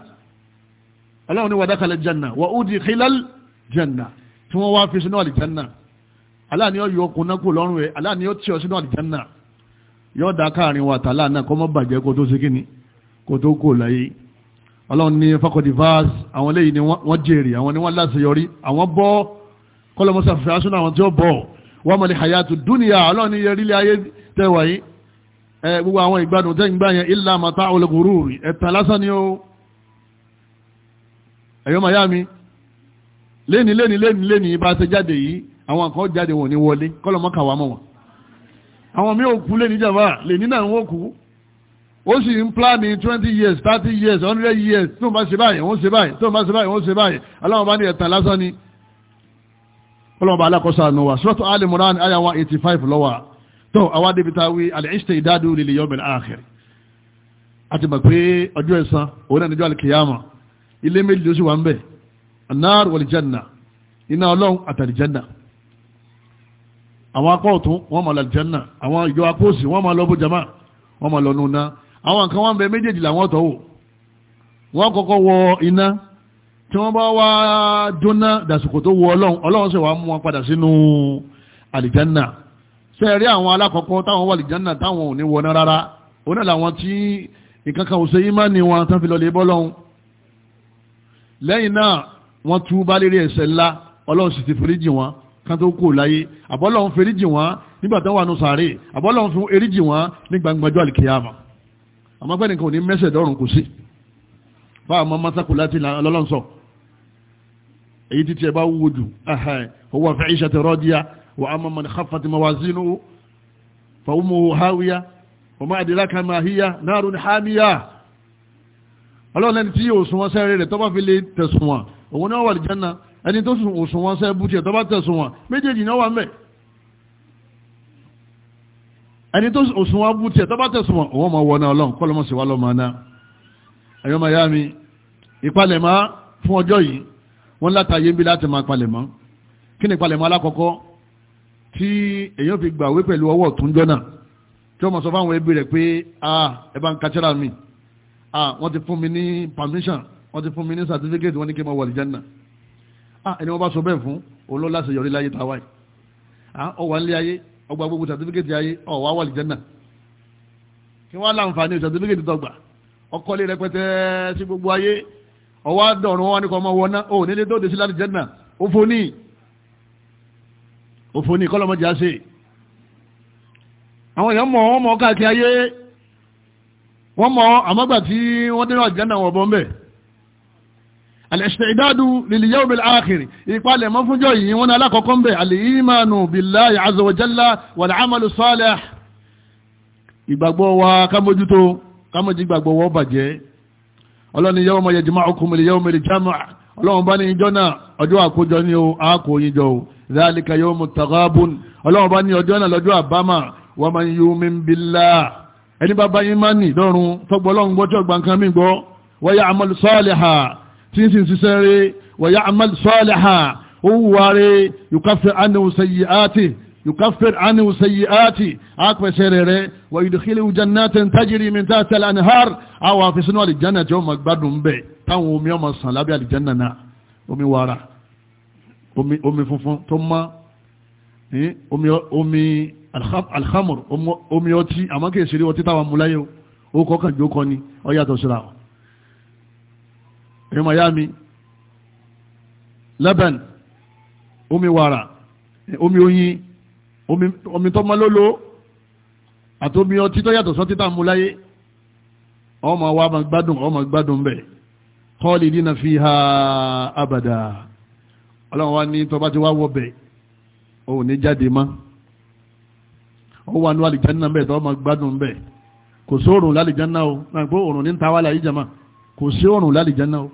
ọlọ́run ní wà dákàlẹ̀ jánná wà ó di kílà jánná tí wọ́n wá fi sínú àdìjánná aláàní yọ kùnà kú lọ́rùn ẹ̀ aláàní yọ tí ọ sínú àdìjánná yọ da káàrin wa tàlà náà kọ́ mọ́ bàjẹ́ kó tó ṣe kíni kó tó kó láyé ọlọ́run ní fakọ̀dì vas àwọn lẹ́yìn ni wọ́n jèrè àwọn ni wọ́n láṣeyọrí àwọn bọ́ kọ́lọ́mọ́sàfẹ́ wọ́n mọ̀ ní hayatu dúnìyà ọlọ́ni yẹ rílé ayé tẹ́wà yìí ẹ gbogbo àwọn ìgbádùn tẹ́ ń gbá yẹn illa mata'ul ghururi ẹ̀tàn lásán ni ó ẹ̀yọ́ màyá mi léni léni léni léni bá ṣe jáde yìí àwọn kan jáde wọn ní wọlé kọ́lọ̀ mọ́ kàwá mọ́ wọn àwọn mi ò kú léni jàmbá léni náà wọ́n kú ó sì ń pláàni twenty years thirty years hundred years tó ń bá ṣe báyìí wọ́n ṣe báyìí tó ń bá ṣe báyìí wọ́n ṣe báyìí ọlọ́mọba alákọ̀ọ́sọ àánú wa suratu Al-Imran 85 185 lọ́wà tó àwa débi tá a wí al-istidadu lil yawmil akhir àti mọ̀ pé ọjọ́ ẹ̀san òun náà níjọ́ al-qiyama ilé méjì ló sì wà ń bẹ̀ an-nar wal-janna iná ọlọ́run àtàlìjẹ́nà àwọn akọ́ ọ̀tún wọ́n kọ́kọ́ wọ iná tí wọ́n bá wá jóná dàsìkò tó wù ọlọ́run ọlọ́run sì wá mú wọn padà sínú àlìjánà sẹ́ẹ̀rí àwọn alákọ̀ọ́kọ́ táwọn wà àlìjánà táwọn ò ní wọná rárá oní làwọn tí ìkankan òṣè ìmánì wọn tán fi lọlé bọ́lọ́run lẹ́yìn náà wọ́n tú bá lérí ẹ̀ṣẹ̀ ńlá ọlọ́run sì ti foríjì wọn kan tó kò láyé àbọ́lọ́run foríjì wọn nígbà tó wà nù sàárè àbọ́lọ́run fún eríjì wọn èyí títí ẹ bá wúwo jù huwa fi 'ishati radiya wa amma man khaffat mawazinuhu fa ummuhu hawiya wa ma adraka ma hiya narun hamiya ọlọ́run ẹni tí òsùn wọn sẹ́rẹ̀ rẹ̀ tó bá fi lè tẹ̀sùn wọn òun náà wà lè jẹ́nà ẹni tó sùn òsùn wọn sẹ́rẹ̀ bútì ẹ̀ tó bá tẹ̀sùn wọn méjèèjì náà wà máa wọná ọlọ́run kọ́ lọ́mọ sí wa lọ́mọ náà ẹ̀yọ́ máa yá mi ọjọ́ yìí wọ́n látàyé bí láti máa palẹ̀mọ́ kí ni palẹ̀mọ́ alákọ̀ọ́kọ́ tí èyàn fi gbàwé pẹ̀lú ọwọ́ ọ̀tún jọ́nà tí wọ́n mọ̀ sọ fáwọn ẹbí rẹ̀ pé ẹ bá ń kàtírà mi ah wọ́n ti fún mi ní permission wọ́n ti fún mi ní certificate wọ́n ní kí n máa wọ àlìjánnà ah ẹni wọ́n bá sọ bẹ́ẹ̀ fún olóò láti yọrí láyé tàwa yìí ah ọwà ńlé ayé ọgbà gbogbo certificate ayé ọwà wọ àlìjánnà kí wọ́n láǹfààní certificate tó gbà ọkọ̀ lé rẹpẹtẹ sí gbogbo ayé ọwọ́ àdọ̀rùn wọn ni kọ́ ọmọ wọn náà ò nílé tó dé sí láti jẹ́nà òfòní òfòní kọ́lọ́mọdé á sí àwọn èèyàn mọ̀ wọ́n mọ̀ káàkiri ayé wọ́n mọ̀ àmọ́gbà tí wọ́n dé náà jẹ́nà wọ̀ bọ́ mbẹ́ al-isti'dadu lil-yawm al-akhir ìpalẹ̀ mọ́ fúnjọ́ yìí wọ́n ní ìgbàgbọ́ wa kámójútó kámójú ìgbàgbọ́ wọ́n bàjẹ́ ọlọ́ni yawma yajma'ukum li yawmil jama' ọlọ́run bá ní ìjọ náà ọjọ́ àkójọ ní o àákò yín jọ o dhalika yawmut taghabun ọlọ́run bá ní ọjọ́ náà lọ́jọ́ àbámà wa man yu'min billah ẹni bá bá yín má nì lọ́run tọ́gbọ́ ọlọ́run gbọ́ tí mi gbọ́ wa ya'mal salihan tí ń yukafir anihu sayyi'ati apẹ̀sẹ̀ rẹ̀ rẹ̀ wa yudkhiluhu jannatin tajri min tahtiha al-anhar àwọn àfisínú àlìjánà tí ó ma gbádùn bẹ̀ táwọn omi ọmọ sàn lábẹ́ àlìjánà náà omi wàrà omi funfun tó mọ́ omi alhamur omi ọtí àmọ́ kìí ṣeré ọtí táwọn múláyé ó kọ́kàn jó kọ́ ni ọ yàtọ̀ síra ọ̀ ẹ̀mọ̀ yá mi laban omi wàrà omi oyin omi tó mọ́ lólo àti omi ọtí tó yàtọ̀ sọ́tí tàà mú láyé ọmọ wa ma gbádùn ọmọ gbádùn bẹ̀ khalidina fiha abada ọlọ́run wa ní tọba ti wá wọ bẹ̀ o ò ní jáde mọ́ ó wà ní àlìjánná bẹ̀ tọ́ ma gbádùn bẹ̀ kò sí òrùn lálìjánná o náà pé òrùn ní ta wá láyé jama kò sí òrùn lálìjánná o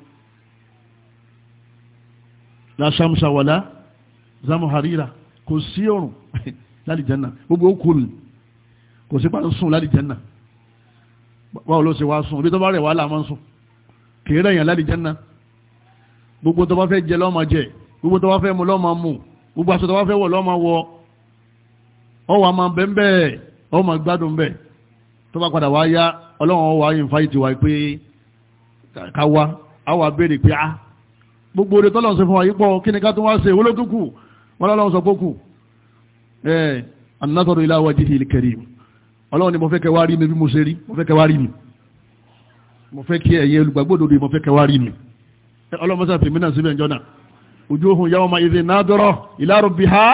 la shamsa zamu harira kò sí òrùn lálìjẹ́nà gbogbo ó kú ni kò sí pàtó sùn lálìjẹ́nà báwo ló ṣe wá sùn ibi tó bá rẹ̀ wá là máa ń sùn kì í rẹ̀yàn lálìjẹ́nà gbogbo tó bá fẹ́ jẹ lọ́ọ́ jẹ gbogbo tó bá fẹ́ mu lọ́ọ́ máa mu gbogbo aṣọ tó bá fẹ́ wọ̀ lọ́ọ́ máa wọ ọwọ́ àmà bẹ́ẹ̀ ọmọ gbádùn bẹ́ẹ̀ tó bá padà wá yá ọlọ́run wá yín fáyìtì wá pé ká wá á wà pé á ah, gbogbo orí tọ́lọ̀ ẹ̀ an-nadharu ila wajhihi al-karim ọlọ́run ni mo fẹ́ kẹwàá rí mi bí mo ṣe rí mo fẹ́ kẹwàá rí mi mo fẹ́ kí ẹ̀yẹ olùgbàgbọ́dọ̀dọ̀ mo fẹ́ kẹwàá rí mi ọlọ́mọsá fèmí náà síbẹ̀ jọ́nà wujuhun yawma idhin nadira ila rabbiha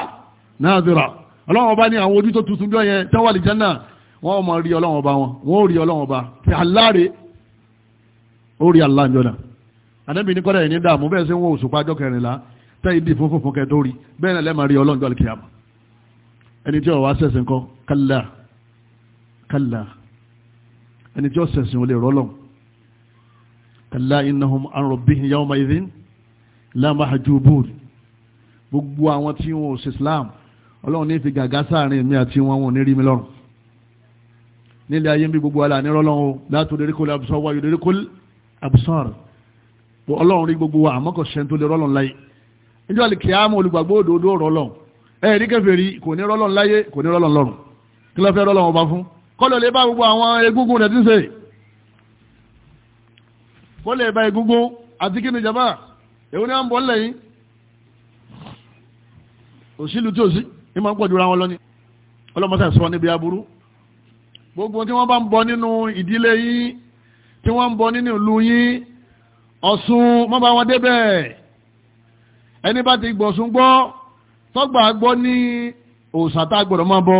nadira ọlọ́run ọba ní àwọn ojú tó tuntun jọ yẹn tán wà lè jẹ́nà wọ́n mọ̀ rí ọlọ́run ọba wọn wọ́n rí ọlọ́run ọba ti aláre ó rí aláǹjọ́nà àdẹ́bì ní kọ́dà yìí ní dààmú bẹ́ẹ̀ sí wọn òṣùpá ọjọ́ kẹrìnlá tẹ́ ìdí fún fún fún tó rí bẹ́ẹ̀ lẹ́mọ̀ rí ọlọ́run jọ́ ẹni tí ó wá sẹ̀sìn kọ́ kálá kálá ẹni tí ó sẹ̀sìn ò lè rọ́lọ̀ kálá innahum an rabbihim yawma idhin la mahjubun gbogbo àwọn tí wọn ò sí Islam ọlọ́run ní fi gàgá sáàrin mi àti wọn wọn ní rí mi lọ́rùn nílé ayé ń bí gbogbo alà rọ́lọ́run látòdé rí kó lè absar wáyé lórí ọlọ́run rí gbogbo àmọ́kọ̀ṣẹ́ tó lè rọ́lọ́run láyé ìjọ́ àlìkíyàmù olùgbàgbọ́ òdòdó rọ́lọ́run ẹ̀rí kèfèrí kò ní rọ́lọ́n láyé kò ní rọ́lọ́n lọ́run kí ló fẹ́ rọ́lọ́n ọba fún kọ́lọ̀ lè bá gbogbo àwọn egúngún rẹ̀ tí ń ṣe kó lè bá egúngún àti kí ni jàmbá èwo ni à ń bọ̀ lẹ́yìn òṣìlú tí ò sí ní máa ń pọ̀jù ra wọn lọ́ni ọlọ́mọsá sọ níbi aburú gbogbo tí wọ́n bá ń bọ nínú ìdílé yín tí wọ́n ń bọ nínú ìlú yín Ọ̀ṣun má wọn débẹ̀ ẹni bá ti gbọ̀sùn gbọ́ tọ́gbà gbọ́ ní òòsàn tá a gbọ́dọ̀ máa bọ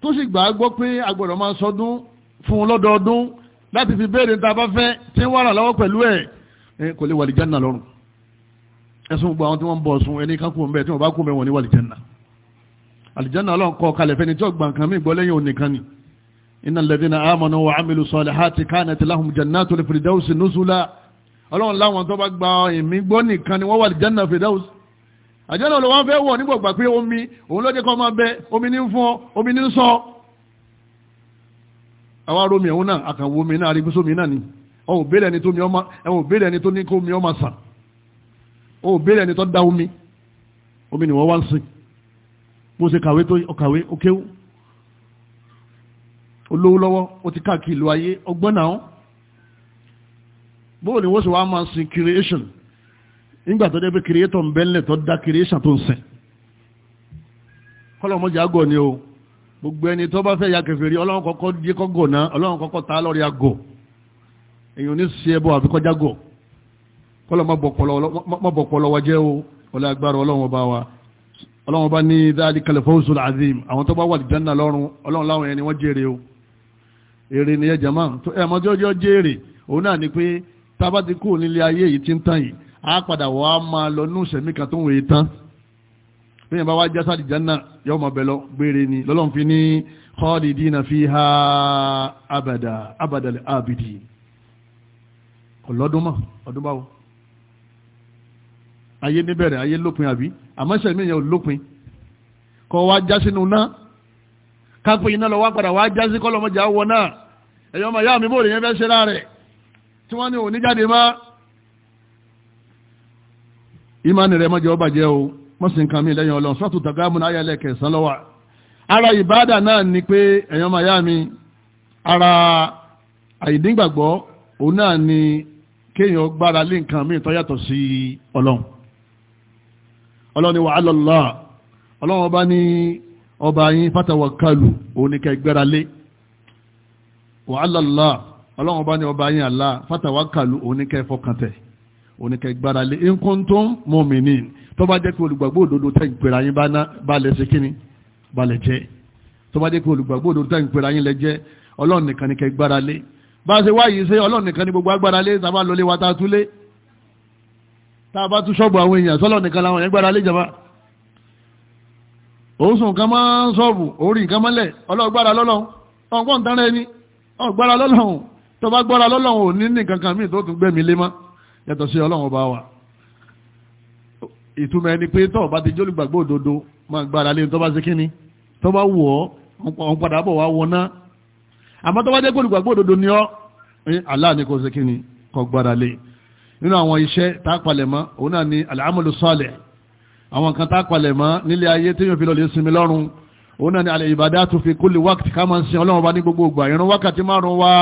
tó sì gbà gbọ́ pé a gbọ́dọ̀ máa sọdún fún lọ́dọọdún láti fi béèrè tá bá fẹ́ tí wọ́n rà lọ́wọ́ pẹ̀lú ẹ̀ kò lè wà lìjánà lọ́rùn ẹ̀sùn gbogbo àwọn tí wọ́n ń bọ̀ sun ẹni kankun bẹ́ẹ̀ tí wọ́n bá kún bẹ́ẹ̀ wọ́n ní wà lìjánà àlìjánà ọlọ́run kọ kalẹ̀ fẹ́ni tí ọgbà nǹkan mí gbọ́ lẹ́yìn onìkan ni innal ladhina amanu wa amilu salihati kanat lahum jannatul firdausi nuzula ọlọ́run láwọn tó bá gba ẹ̀mí gbọ́ nìkan ni wọ́n wà lìjánà firdausi àjọ́nà ló wọ́n fẹ́ wọ̀ nígbàgbà pé omi òun lọ́jẹ́ kan máa bẹ omi ní fún ọ omi ní sọ àwọn aromi ẹ̀hún náà àkànwò omi náà arígbésó omi náà ni ọ̀hún bẹ́ẹ̀rẹ̀ ni tó mi ọmọ ẹ̀hún bẹ́ẹ̀rẹ̀ ni tó ní kó omi ọmọ sàn ọ̀hún bẹ́ẹ̀rẹ̀ ni tó da omi omi ni wọ́n wá ń sìn bó ṣe kàwé tó ọkàwé ó kéwú olówó lọ́wọ́ ó ti káàkiri ìlú ayé ọgbọ́n náà bóò ni wọ́n sì wá máa sin creation nígbà tó débí kìrìyétọ̀ ń bẹ́lẹ̀ tó dá kìrìyéṣà tó ń sẹ̀ kọ́lọ̀mọ́jì àgọ̀ ni o gbogbo ẹni tó bá fẹ́ ya kèfèrí ọlọ́run kọ́kọ́ dé kọ́gọ̀ náà ọlọ́run kọ́kọ́ ta lọ́rí àgọ̀ èèyàn ní sí ẹbọ àbí kọjá gọ̀ kọ́lọ̀mọ́bọ̀pọ̀lọ́ wa jẹ́ o ọlọ́ agbára ọlọ́run ọba wa ọlọ́run ọba ní dáadé kalifóòsù azim àwọn tó bá wà dìdánná lọ́run ọlọ́run láwọn ẹni wọ́n jèrè o èrè ni ẹ jẹ́ máa ẹ̀mọ́jọ́jọ́ jèrè òun náà ni pé tábàdínkù nílé ayé yìí ti ń tàn yìí a padà wà á máa lọ ní ìṣẹ̀mí kan tó ń wèé tán lẹ́yìn bá wá já sáà náà yọ ọmọ bẹ̀ lọ gbére ni lọ́lọ́n fi ní khalidina fiha abada abadal abidi ọlọ́dún mọ́ ọdún báwo ayé níbẹ̀rẹ̀ ayé lópin àbí àmọ́ ìṣẹ̀mí yẹn ò lópin kọ́ wá já sínú náà kápẹ́ iná lọ wá padà wá já sí kọ́lọ́mọjà wọ náà ẹ̀yọ́ ọmọ ìyá mi bóòrè yẹn fẹ́ ṣe láàrẹ̀ tí wọ́n ní òní jáde máa ìmánì rẹ̀ mọ́jọ́ bàjẹ́ o mọ́sí nǹkan mi lẹ́yìn ọlọ́run sọ́tù tàgámùn ayẹlẹ́ kẹsàn lọ́wà ara ìbádà náà ni pé ẹ̀yàn maya mi ara àìdíngbàgbọ́ òun náà ni kéèyàn gbára lé nǹkan mi sí ọlọ́run ọlọ́run ni wà á lọ́lá ọlọ́run ọba ní ọba yín òun ni gbára lé wà á ọlọ́run ọba ní ọba yín òun ni oníkẹ́ gbára lé nǹkan tó ń mùmínìn tó bá jẹ́ pé olùgbàgbọ́ òdodo tẹ́ ń pèrè ayín bá lẹ̀ ṣe kíni bá lẹ̀ jẹ́ tó bá jẹ́ pé olùgbàgbọ́ òdodo tẹ́ ń pèrè ayín lẹ̀ jẹ́ ọlọ́run nìkan ní kẹ́ gbára lé bá ṣe wáyé ṣe ọlọ́run nìkan ní gbogbo agbára lé tá a bá lọ lé wa tá a túlé tá a bá tú ṣọ́ọ̀bù àwọn èèyàn sọ́lọ́ nìkan làwọn yẹn gbára lé jàmbá òun sùn kan máa ń sọ́ọ̀bù orí nǹkan mọ́lẹ̀ ọlọ́gbára lọ́lọ́run ọ̀gbọ́n tán rẹ ni ọ̀gbára lọ́lọ́run tó bá gbára lọ́lọ́run ò ní nìkan kan míì tó tún gbẹ̀mí lé mọ́ yàtọ̀ sí ọlọ́run ọba wa ìtumọ̀ ẹni pé tọ́ ọba ti jólùgbàgbọ́ òdodo máa gbára lé tọ́ bá ṣe kíní tọ́ bá wù ọ́ ọ̀n padà bọ̀ wá wọná àmọ́ tọ́ bá jẹ́ jólùgbàgbọ́ òdodo ni ọ́ Allah ni kò ṣe kíní kọ́ gbára lé nínú àwọn iṣẹ́ tá a palẹ̀ mọ́ òun náà ni al-amalu salih àwọn kan tá a palẹ̀ mọ́ nílé ayé tí yóò fi lọ lè sinmi lọ́rùn òun náà ni al-ibadatu fi kulli waqt ká máa ń sin ọlọ́run ọba ní gbogbo ìgbà ìrun wákàtí márùn-ún wá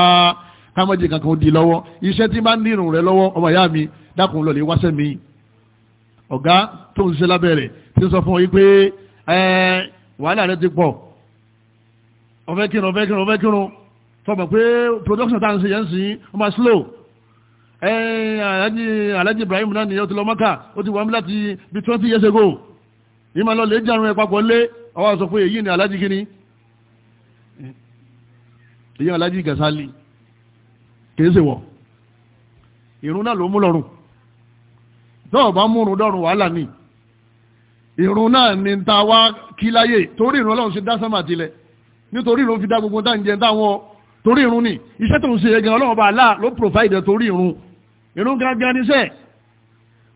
kámọ́jì kankan di lọ́wọ́ iṣẹ́ tí bá ń dìrùn rẹ lọ́wọ́ ọmọ ìyá mi dákun lọ lè wáṣẹ́ mi ọ̀gá tó ń ṣe lábẹ́rẹ̀ tí ń sọ fún ọ wípé wàhálà rẹ ti pọ̀ ọ̀fẹ́ kírun ọ̀fẹ́ kírun ọ̀fẹ́ kírun tọmọ pé production tá à ń ṣe yẹn sìn ọmọ slow alhaji ibrahim náà nìyẹn ó ti lọ mọ́kà ó ti wà mí láti bí twenty years ago yìí máa lọ lè jàrún ẹ̀ papọ̀ lé ọwọ́ sọ pé èyí ni alhaji kíni èyí alhaji gàsálì kì í ṣe wọ̀ ìrun náà ló mú lọ́rùn náà bá múrun dọ́rùn wàhálà ni ìrun náà ni ta wá kí láyè torí ìrun ọlọ́run ṣe dá sánmà tilẹ̀ nítorí ìrun fi dá gbogbo tá ń jẹ táwọn torí ìrun ni iṣẹ́ tó ń ṣe ẹgbẹ́ ọlọ́run bá aláà ló provide torí ìrun ìrun gángan níṣẹ́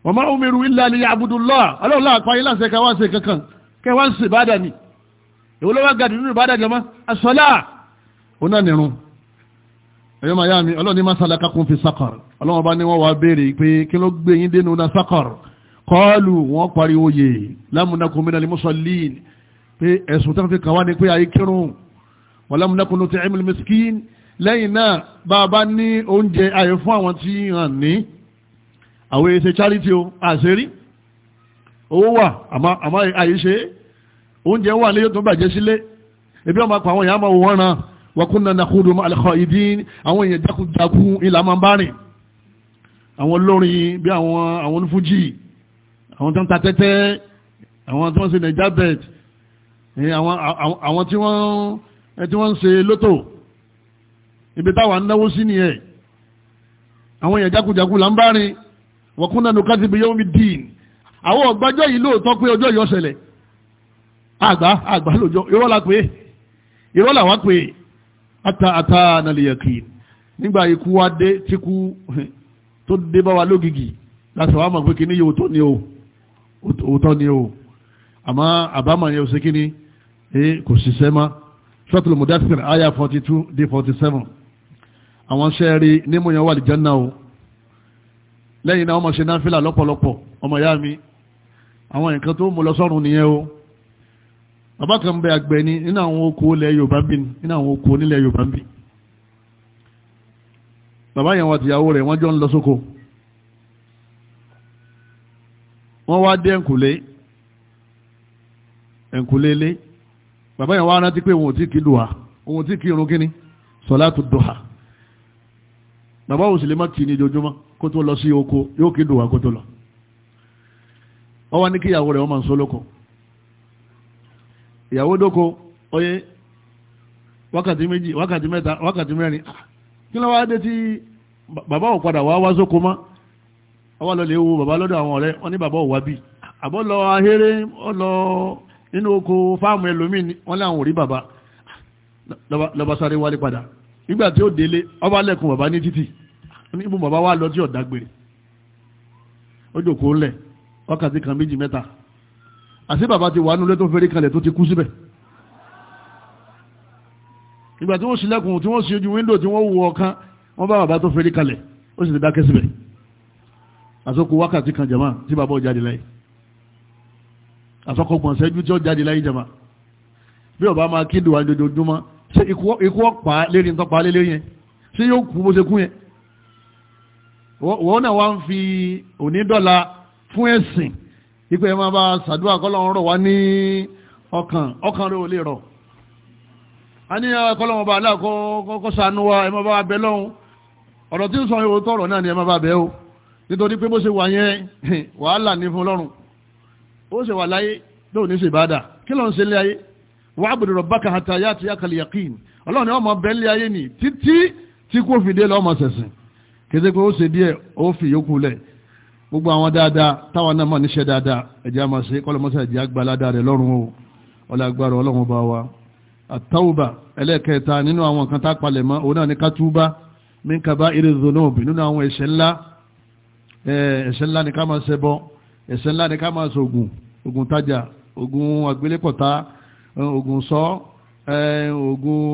wa ma umiru illa liya'budullah ọlọ́run láàpá yín láṣẹ ká ṣe kankan kẹ ṣe ìbádà ni ìwọ́n lọ́wọ́ gàdì nínú ìbádà jọmọ́ àṣọlá òun náà nìrun ẹ̀yọ́ máa yá mi ọlọ́ni máa sàlákà kún fi sakar ọlọ́wọ́n bá ní wọ́n wá béèrè pé kí ló gbé yín dénú na sakar kọ́ọ̀lù wọ́n pariwo yè lámúnakùn mi nàlẹ́ mọ́sọ̀lín pé ẹ̀sùn tó fi kàn wá ni pé àyè kírun wọ́n lámúnakùn tó ti ẹ̀mí miskin lẹ́yìn náà bá a bá ní oúnjẹ àyè fún àwọn tí hàn ní àwọn èsè charity o àṣírí owó wà àmọ́ àyè ṣe oúnjẹ wà ní tó bàjẹ́ sílé ebi ọmọ akọ àwọn èèyàn máa wọ́n ràn wàkúnnà nàkúrò mọ́ àlẹ́kọ́ ìdí àwọn èèyàn jákújákú ilà máa bá rìn àwọn olórin bí àwọn àwọn onífújì àwọn tó ń ta tẹ́tẹ́ àwọn tó ń ṣe naija bet eh, àwọn eh, tí wọ́n ń ṣe lótò ibi táwa ń náwó sí nìyẹn àwọn èèyàn jákújákú là ń bá rìn wàkúnnà nùkàtì bí yóò fi dín àwọn ọgbàjọ́ yìí lóòótọ́ pé ọjọ́ yìí ọ̀sẹ̀lẹ̀ àgbà àgbà lójọ́ ìrọ́lá pé ìrọ́lá wá pé ata ata nàlẹ́yẹ̀kì nígbà ikú wa dé tíkú eh, tó dé bá wa lógìgì lásán wa mọ̀ pé yóò tó ni o òótọ́ ni o àmọ́ àbámọ̀ yẹn ò sí kíní eh, kò ṣiṣẹ́ mọ́ suratul mudaththir aya forty two dé forty seven àwọn sẹ́ẹ̀rí nímú yẹn wà lè jẹ́nà o lẹ́yìn náà ọmọ ṣe náfìlà lọ́pọ̀lọpọ̀ ọmọ ìyá mi àwọn nǹkan tó mú lọ sọ́run nìyẹn o bàbá kan bẹ àgbẹ̀ ni nínú àwọn oko ilẹ̀ Yorùbá bí ni nínú àwọn oko nílẹ̀ Yorùbá bí bàbá yẹn wà tìyàwó rẹ̀ wọ́n jọ ń lọ sóko wọ́n wá dé ẹ̀kùlé ẹ̀kùlé ilé bàbá yẹn wá rántí pé òun ò tí kí lùhà òun ò tí kí irun kíní sọ̀látù dùhà bàbá òsì lè má kì í ní ojoojúmọ́ kó tó lọ sí oko yóò kí lùhà kó tó lọ wọ́n wá ní kíyàwó rẹ̀ wọ́n máa ń sọ ìyàwó dóko oyé wákàtí méjì wákàtí mẹ́ta wákàtí mẹ́rin ah, kí ló wá dé tí bàbá ò padà wá wá sóko mọ́ ọwọ́ lọ lè wo bàbá lọ́dọ̀ àwọn ọ̀rẹ́ wọn ní bàbá ò wá bí àbọ̀ lọ ọ lọ nínú oko fáàmù ẹlòmíì wọn láwọn ò rí ọba bàbá ní títì bàbá lọ tí ó jòkó lẹ̀ wákàtí kan méjì mẹ́ta àti bàbá ti wà nílé tó fẹ́rí kalẹ̀ tó ti kú síbẹ̀ ìgbà tí wọ́n ṣílẹ̀kùn tí wọ́n ṣí ojú wíńdò tí wọ́n wù ọ̀kan wọ́n bá bàbá tó fẹ́rí kalẹ̀ ó sì ti dákẹ́ síbẹ̀ àsọkù wákàtí kan jama tí bàbá ó jáde láyé àsọkọ̀gbọ̀n sẹ́jú tí ó jáde láyé jama bí ọba máa kí ìdùwà lójoojúmọ́ ṣe ikú ọ̀pá lérí ń tọ́pa lé léyẹn ṣé yóò kú bó ṣe kú yẹn wọ́n náà wá ń fi òní dọ́là fún ẹ̀sìn ipe ma bá sàdúrà kọ́lọ́run rọ̀ wa ni ọkan ọkàn a ní ah, kọ́lọ́run ọba aláàkọ́kọ́ sànú wa ẹ ma bá bẹ lọ́hùn ọ̀rọ̀ tí ń sọ ni ẹ ma bá bẹ o nítorí pé bó ṣe wà yẹn wàhálà wà láyé ní ṣe kí ló ń ṣe ayé ayé ni títí tí kò fìdí gbogbo àwọn dáadáa táwọn náà mọ̀ níṣẹ́ dáadáa ẹ̀jẹ̀ àmọ́ sí kọ́lọ́mọ́sá ẹ̀jẹ̀ àgbàládà rẹ̀ lọ́rùn o ọlágbára ọlọ́run bá wa àtàwùbà ẹlẹ́ẹ̀kẹta nínú àwọn nǹkan tá palẹ̀ mọ́ òun náà ní kátúbá min kaba iri zonobi nínú àwọn ẹ̀ṣẹ̀ ńlá ẹ̀ṣẹ̀ ńlá ní ká máa ṣẹbọ ẹ̀ṣẹ̀ ńlá ní ká máa ṣògùn ògùn tajà ògùn àgbélépọ̀tá ògùn sọ ògùn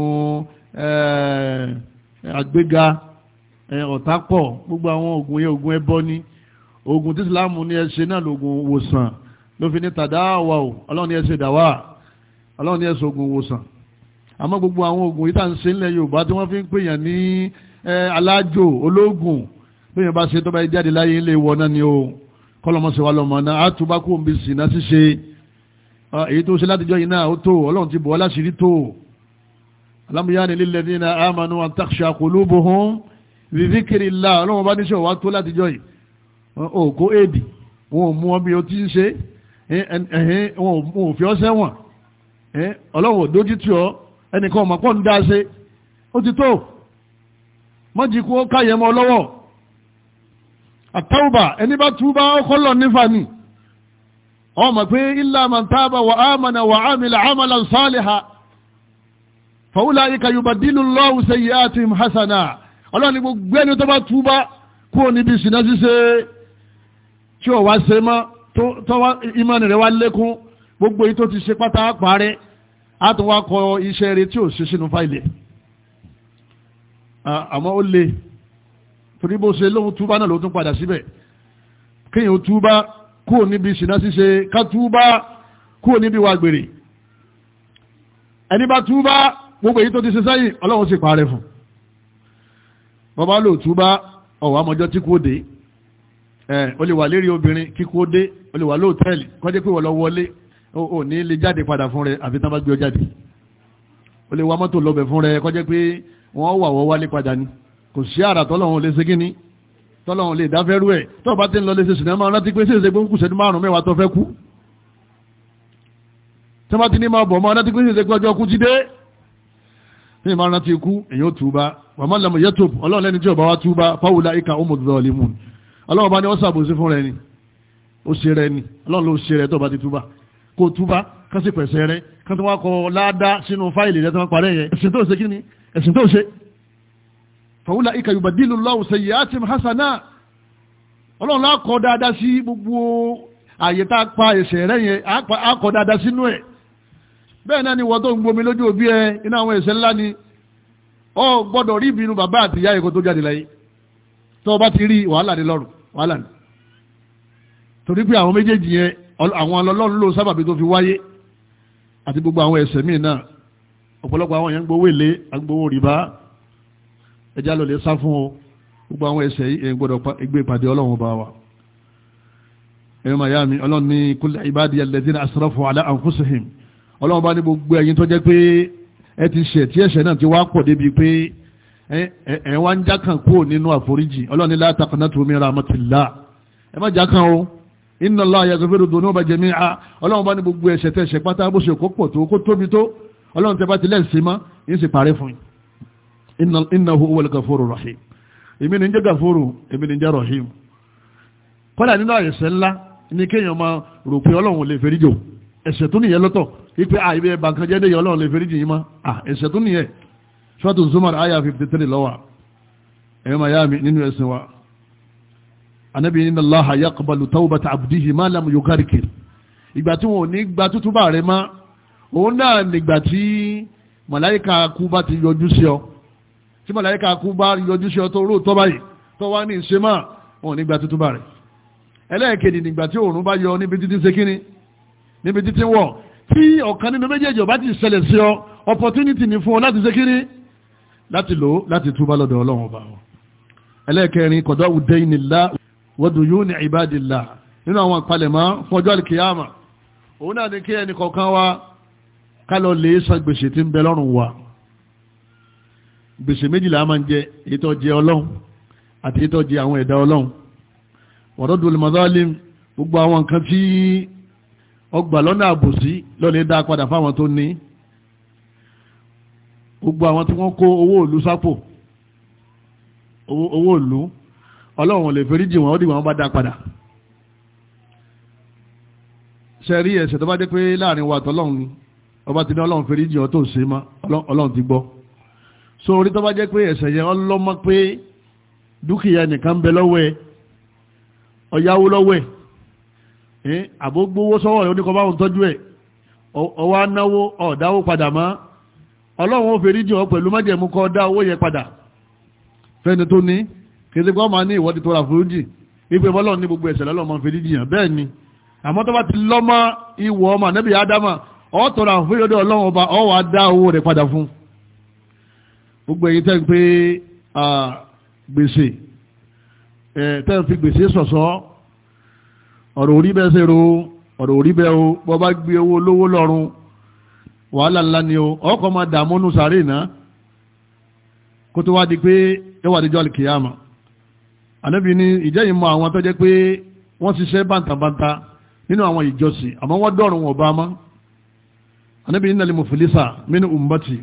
àgbéga ọ̀tápọ̀ gbogbo àwọn ògùn yẹn ògùn ẹbọ ni oògùn tí islam ní ẹ ṣe náà lóògùn wòsàn ló fi ní tàdáwà o ọlọ́run ní ẹ ṣe dàwà ọlọ́run ní ẹ ṣe oògùn wòsàn àmọ́ gbogbo àwọn oògùn yìí tá ń ṣe ńlẹ̀ yorùbá tí wọ́n fi ń pèèyàn ní alájò ológun lóyìn bá ṣe tó bá jáde láyé ilé ìwọ náà ni o kọ́lọ́mọṣẹ́wá lọ́mọ náà á tún bá kó omi sì náà ṣíṣe èyí tó ṣe látijọ́ yìí náà ó tó ọlọ́run ti bọ̀ ọ́ tó alámúyáni lílẹ̀ ní amanu an takhsha qulubuhum ọlọ́run bá níṣẹ́ wá tó látijọ́ yìí ògó èdè wọn ò mú ọ bí o ti ń ṣe wọn ò fi ọ sẹ́wọ̀n ọlọ́wọ̀ dójú tì ọ ẹnìkan ọmọ pọ̀ ń dá ṣe ó ti tó mọ́jìkú ó káyẹ mọ́ lọ́wọ́ àtàwùbà ẹni bá túbá ọkọ́ lọ nífà ni ọmọ pé illa man tábà wà ámàna wà ámìlà ámàlà sálíhà fàúlà ikà yubadilu Allahu sayyi'atihim hasana ọlọ́ni gbogbo ẹni tó bá túbá kúrò níbi ìsìnà ṣíṣe tí ó wá ṣe mọ́ tọ́wá ìmọ̀nì rẹ̀ wá lékún gbogbo yìí tó ti ṣe pátá parẹ́ á tún wá kọ iṣẹ́ rẹ̀ tí ò ṣe sínú fáìlì àmọ́ ó le torí bó ṣe lóhun túbá náà ló tún padà síbẹ̀ kéèyàn túbá kúrò níbi ṣìnà ṣíṣe ká túbá kúrò níbi wa gbèrè ẹni bá túbá gbogbo èyí tó ti ṣe sẹ́yìn ọlọ́run sì parẹ́ fún bàbá lò túbá ọ̀wọ́ amọ̀jọ́ tí kò dé ó lè wà lérí obìnrin kíkó dé ó lè wà lóòtẹ́ẹ̀lì kọ́dé pé wọ́n lọ wọlé ó ní lè jáde padà fún rẹ àfi tán bá gbé ọ jáde ó lè wá mọ́tò lọ́bẹ̀ fún rẹ kọ́dé pé wọ́n wà wọ́ wálé padà ni kò sí àrà tọ́lọ́hún lè ṣe kíni tọ́lọ́hún lè dáfẹ́rú ẹ̀ tó bá ti ń lọ lè ṣe sinimá rántí pé ṣe ṣe gbóhùn kùsẹ́dún márùn mẹ́wàá tó fẹ́ kú tó bá ti ní máa bọ̀ mọ́ rántí pé ṣe ṣe gbọ́jọ́ kú jíde ní ìmọ̀ rántí ikú èyí ó túba wàmọ́ lẹ́mu yẹ́tò ọlọ́run lẹ́ni ọlọ́run bá ní ọ́ sàbòsí fún rẹ ni ó ṣe rẹ ni ọlọ́run ló ṣe rẹ tó bá ti túbà kó túbà kán sì pẹ̀sẹ̀ rẹ kán tó wá kọ sínú fáìlì rẹ tó wá parẹ́ yẹn ẹ̀sìn tó ṣe kí ni ẹ̀sìn tó ṣe fàwùlà ìkà yubadilu Allahu sayyi'atihim hasana ọlọ́run lákọ̀ dáadáa sí gbogbo àyè tá a pa ẹ̀ṣẹ̀ rẹ yẹn á kọ̀ dáadáa sínú ẹ̀ bẹ́ẹ̀ náà ni wọ́n tó ń gbomi lójú òbí ẹ iná àwọn ẹ̀ṣẹ̀ ńlá ni ọ gbọ́dọ̀ rí tó bá ti rí wàhálà ní lọ́rùn wàhálà ní torí pé àwọn méjèèjì yẹn àwọn ọlọ́run ló sábàbí tó fi wáyé àti gbogbo àwọn ẹ̀ṣẹ̀ míì náà ọ̀pọ̀lọpọ̀ àwọn èèyàn gbowó èlé agbowó rìbá ẹja lọ lè sá fún o gbogbo àwọn ẹ̀ṣẹ̀ yìí èèyàn gbọ́dọ̀ gbé ìpàdé ọlọ́run bá wa ẹ̀yọ́ màá yá mi ọlọ́run ní kul ibadiya alladhina asrafu ala anfusihim ọlọ́run bá ní gbogbo ẹ̀yin tó jẹ́ pé ẹ ti ṣẹ̀ tí ẹ̀ṣẹ̀ náà ti wá pọ̀ débi pé ẹ̀ wá ń jákàn kúrò nínú àforíjì ọlọ́run ní la taqnatu min rahmatillah ẹ má jákàn o inna Allah jami'a ọlọ́run bá ní gbogbo ẹ̀ṣẹ̀ tẹ́ pátá bó ṣe kó pọ̀ tó kó tóbi tó ọlọ́run tẹ́ bá ti lẹ́sìn mọ́ yín sì fún yín èmi ní jẹ́ gàfóró èmi ní jẹ́ nínú àyẹ̀sẹ̀ ńlá ní kéèyàn máa rò pé ọlọ́run lè fẹ́rí jò ẹ̀ṣẹ̀ tó nìyẹn lọ́tọ̀ wípé àìbẹ̀ ọlọ́run ṣọ́tù zumar aya 53 lọ́wà ẹ̀yọ́ miami nínú ẹ̀sìn wa anabi inna Allaha yaqbalu tawbata abdihi ma lam yugharqil ìgbà tí wọn ò ní gba tútúbà rẹ̀ má òun náà nígbà tí màláìka kú bá ti yọjú sí ọ tí màláìka kú bá yọjú sí ọ tó rò tọ́ báyìí tó wá ní ìṣe máa wọn ò ní gba tútúbà rẹ̀ ẹlẹ́ẹ̀kejì nígbà tí òòrùn bá yọ níbi títí sekínì níbi títí wọ̀ tí ọ̀kan nínú méjèèjì ọba ti ṣẹlẹ̀ sí ọ opportunity ni fún ọ láti sekínì láti lò láti túbá lọ́dọ̀ ọlọ́run ọba wọn ẹlẹ́ẹ̀kẹrin kọ̀dọ̀ òde ìnìlá wọ́dù yóò ní ìbádìlá nínú àwọn àpalẹ̀mọ́ fọjọ́ alìkìyàmà òun náà ni kí ẹnì kọ̀ọ̀kan wa kálọ̀ lè san gbèsè tí ń bẹ lọ́rùn wa gbèsè méjìlá máa ń jẹ ètò jẹ ọlọ́run àti ètò jẹ àwọn ẹ̀dá ọlọ́run wọ́dọ̀dù olùmọ̀dálìm gbogbo àwọn nǹkan tí ọgbà lọ́nà àbòsí lọ́lẹ̀ dá padà fáwọn tó ní gbogbo àwọn tí wọ́n kó owó ìlú sápò owó ìlú ọlọ́run lè fẹ́rí jì wọ́n ó dìgbà wọ́n bá dá padà ṣe rí ẹ̀ṣẹ̀ tó bá dé pé láàrin wa tọ́lọ́run ni ọba ti ní ọlọ́run fẹ́rí jì ọ́ tó ṣe má ọlọ́run ti gbọ́ so orí tó bá jẹ́ pé ẹ̀ṣẹ̀ yẹn ọlọ́mọ pé dúkìá nìkan bẹ lọ́wọ́ ẹ ọ̀yáwó lọ́wọ́ ẹ àbógbówó sọ́wọ́ rẹ̀ oníkọ́ báwọn tọ́jú ẹ̀ ọwọ́ anáwó ọ̀dáwó padà máa ọlọ́run ó fèrí jìn ọ pẹ̀lú májẹ̀mú kó dá owó yẹn padà fẹ́ni tó ní kété kọ́ ní ìwọ́de tó fúrújì ipe bọ́lọ̀ ní gbogbo ẹ̀ṣẹ̀ lọ́lọ́ fèrí jìn bẹ́ẹ̀ ni àmọ́ tó bá ti lọ́mọ ìwọ ọmọ nẹ́bí ádámà ọ tọrọ àfúrí ọdọ ọlọ́run ọba ọ wà dá owó rẹ̀ padà fún gbogbo èyí tẹ́ ń pé gbèsè tẹ́ ń fi gbèsè sọ̀sọ́ ọ̀rọ̀ wàhálà ńlá ni o ọkọ̀ máa dààmú nù sàárè náà kó tó wá di pé yóò wá di jọ́ àlìkìyàmà ànábì ní ìjẹ́ yìí mọ àwọn tó jẹ́ pé wọ́n ṣiṣẹ́ bàǹtàbàǹtà nínú àwọn ìjọsìn àmọ́ wọ́n dọ̀rùn wọn bá mọ́ ànábì ní nàlẹ́ mufilisa mínú umbati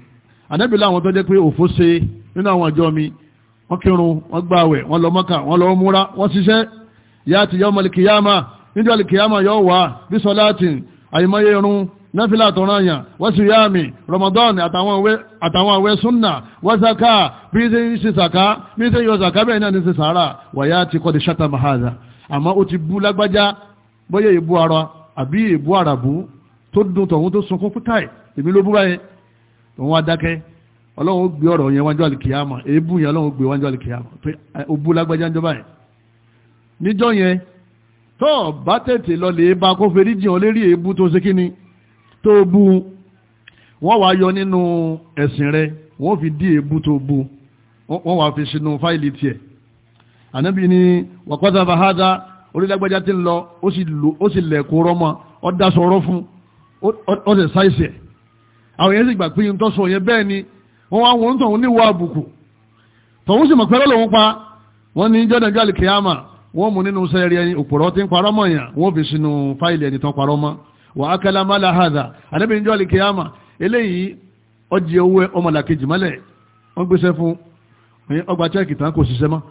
ànábì láwọn tó jẹ́ pé òfó ṣe nínú àwọn àjọ mi wọ́n kírun wọ́n gbààwẹ̀ wọ́n lọ mọ́kà wọ́n lọ múra wọ́n ṣiṣẹ́ yá ti yọ́ mọ̀lìkìyàmà níjọ́ náfílà tó rán yàn wọ́sù yá mi Ramadan àtàwọn àwẹ́ súnnà wọ́sàká bí i ṣe ṣe sàká bí i ṣe yọ sàká bẹ́ẹ̀ náà ní ṣe sàárà wàyá ti kọ́ di ṣátà mahaza àmọ́ ó ti bú lágbájá bóyá ìbú ara àbí ìbú àràbú tó dùn tọ̀hún tó sunkún fún káì èmi ló búra yẹn òun wá dákẹ́ ọlọ́run ó gbé ọ̀rọ̀ tó bú wọ́n wá yọ nínú ẹ̀sìn rẹ wọ́n fi dí èébú tó bú wọ́n wá fi sínú fáìlì tiẹ̀ ànábì ni wàkọ́sà fàhádà orílẹ̀ ti lọ ó sì lẹ̀kọ́ rọ́mọ fún ẹ̀ àwọn yẹn sì gbà pé sọ yẹn bẹ́ẹ̀ ni wọ́n wá wọn níwọ̀ àbùkù tọ̀hún sì mọ̀ pẹ́rẹ́ lòun pa wọ́n ní jọ́dọ̀ wa á kẹ́lá la hàdà ànábì níjọ́ àlè kíyàmà eléyìí ọjì owó ọmọlàkejì mọ́lẹ̀ wọ́n gbéṣẹ́ fún ọgbà chẹ́ẹ̀kì tán kò ṣiṣẹ́ mọ́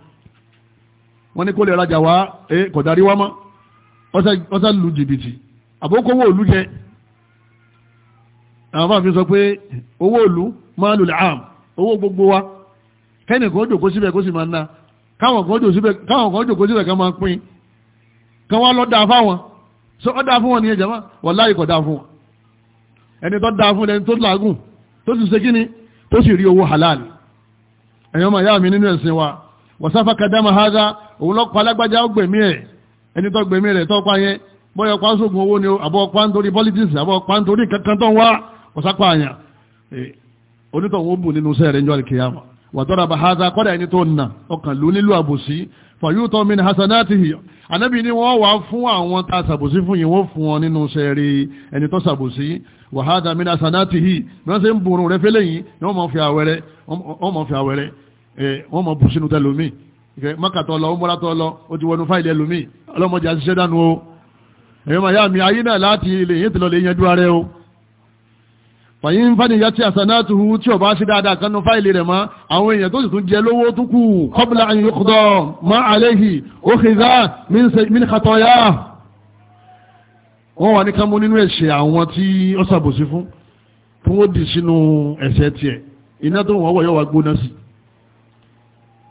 wọ́n ní kó lè rajà wá kò darí wá mọ́ ọ́sà lu jìbìtì àbókòwò òlu jẹ àwọn fàáfin sọ pé owó òlu máa lulẹ̀ àm owó gbogbo wa kẹ́nì kan jòkó síbẹ̀ kó sì máa ń káwọn jòkó síbẹ̀ so ọ́ dáa fún wọn ní ẹjẹ̀ máa wọ́n láì kọ̀ dáa fún wọn ẹni tó dáa fún lẹni tó làágùn tó sì ṣe kíni tó sì rí owó halal ẹ̀yọ́ màá yá mi nínú ẹ̀sìn wa wọ́n sáfà kàdámà hága òun lọ́ pa alágbájá ó gbẹ̀mí ẹ̀ ẹni tó gbẹ̀mí rẹ̀ tó yẹn bóyá ọ̀pá sóògùn owó ni àbọ̀ ọ̀pá ń torí politics àbọ̀ ọ̀pá ń torí kankan tó ń wá ọ̀sápá àyàn onítọ̀ wọn ó bù nínú sẹ́ẹ̀rẹ̀ fàyútọ́ mi ní hasanatihi anábì ni wọ́n wà fún àwọn tá sàbòsí fún yìí wọ́n fún wọn nínú sẹ́ẹ̀rí ẹni tó sàbòsí wàhádà mi ní hasanatihi wọ́n sì ń bùrùn rẹ fẹ́lẹ̀ yìí ni wọ́n mọ̀ fi àwẹ̀rẹ̀ wọ́n mọ̀ bù sínú tẹ́lómi mọ́kàtọ́ lọ ọmọdátọ́ lọ ó ti wọnú fáìlì ẹlòmí ọlọ́mọdé àṣiṣẹ́ dànù o èyí máa yá mi ayé náà láti ilé yìí ti lọ lè yanjú ara ẹ o fàyí ń fàdí ìyá tí àsànátùhù tí ọba sí dáadáa kanú fáìlì rẹ̀ mọ́ àwọn èèyàn tó sì tún jẹ lówó tó kù kọ́bùlà àyíkùdọ̀ mọ́ àléhì ó kìíza mí kàtọ́yà wọ́n wà ní kámú nínú ẹ̀ṣẹ̀ àwọn tí ó sàbòsí fún tó ó dì sínú ẹ̀ṣẹ̀ tiẹ̀ iná tó wọ́n wọ̀yọ́ wa gbóná sí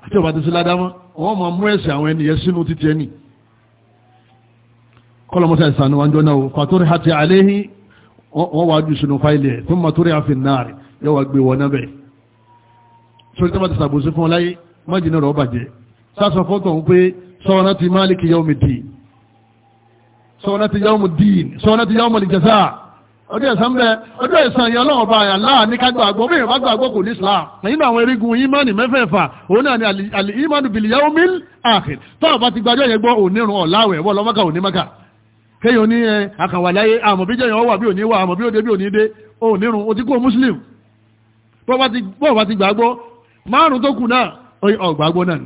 àti ọba ti sí ládámọ́ wọ́n máa mú ẹ̀ṣẹ̀ àwọn ènìyàn sínú títí ẹni kọ́lọ́mọ́sà ìsànú wájọ́ náà wọ́n wá jù sínú fáìlì ẹ̀ tó mọ̀ tó rí àfin náà rẹ̀ yóò wá gbé wọn nábẹ̀ sórí tó bá ti sàbòsí fún ọláyé májìnà rọ̀ bàjẹ́ sásọ fọ́tọ̀ ń pé sọ́ọ́nà ti máàlìkì yawmi dín sọ́ọ́nà ti yawmi dín sọ́ọ́nà ti yawmi ìjẹsà ọdún ẹ̀sán bẹ ọdún ẹ̀sán yẹn ọlọ́run bá Allah ní ká gbàgbọ́ bí ìrìnbá gbàgbọ́ kò ní Islam nínú àwọn erigun imani mẹ́fẹ̀ẹ̀fà òun náà ni al-imanu bil yawmil akhir tó bá ti gbàjọ́ yẹn gbọ́ òun nírun ọ̀láwẹ̀ wọ́n lọ́mọ́ká òun ní mọ́ká kéyàn ní ẹ eh, àkànwàláyé àmọ̀bí amabi ọwà bí ò ní wà àmọ̀bí ó dé bí ò ní dé ò nírun ó ti kó muslim bọ́ọ̀bá ti gbàgbọ́ márùn tó kù náà ọgbàgbọ́ náà ni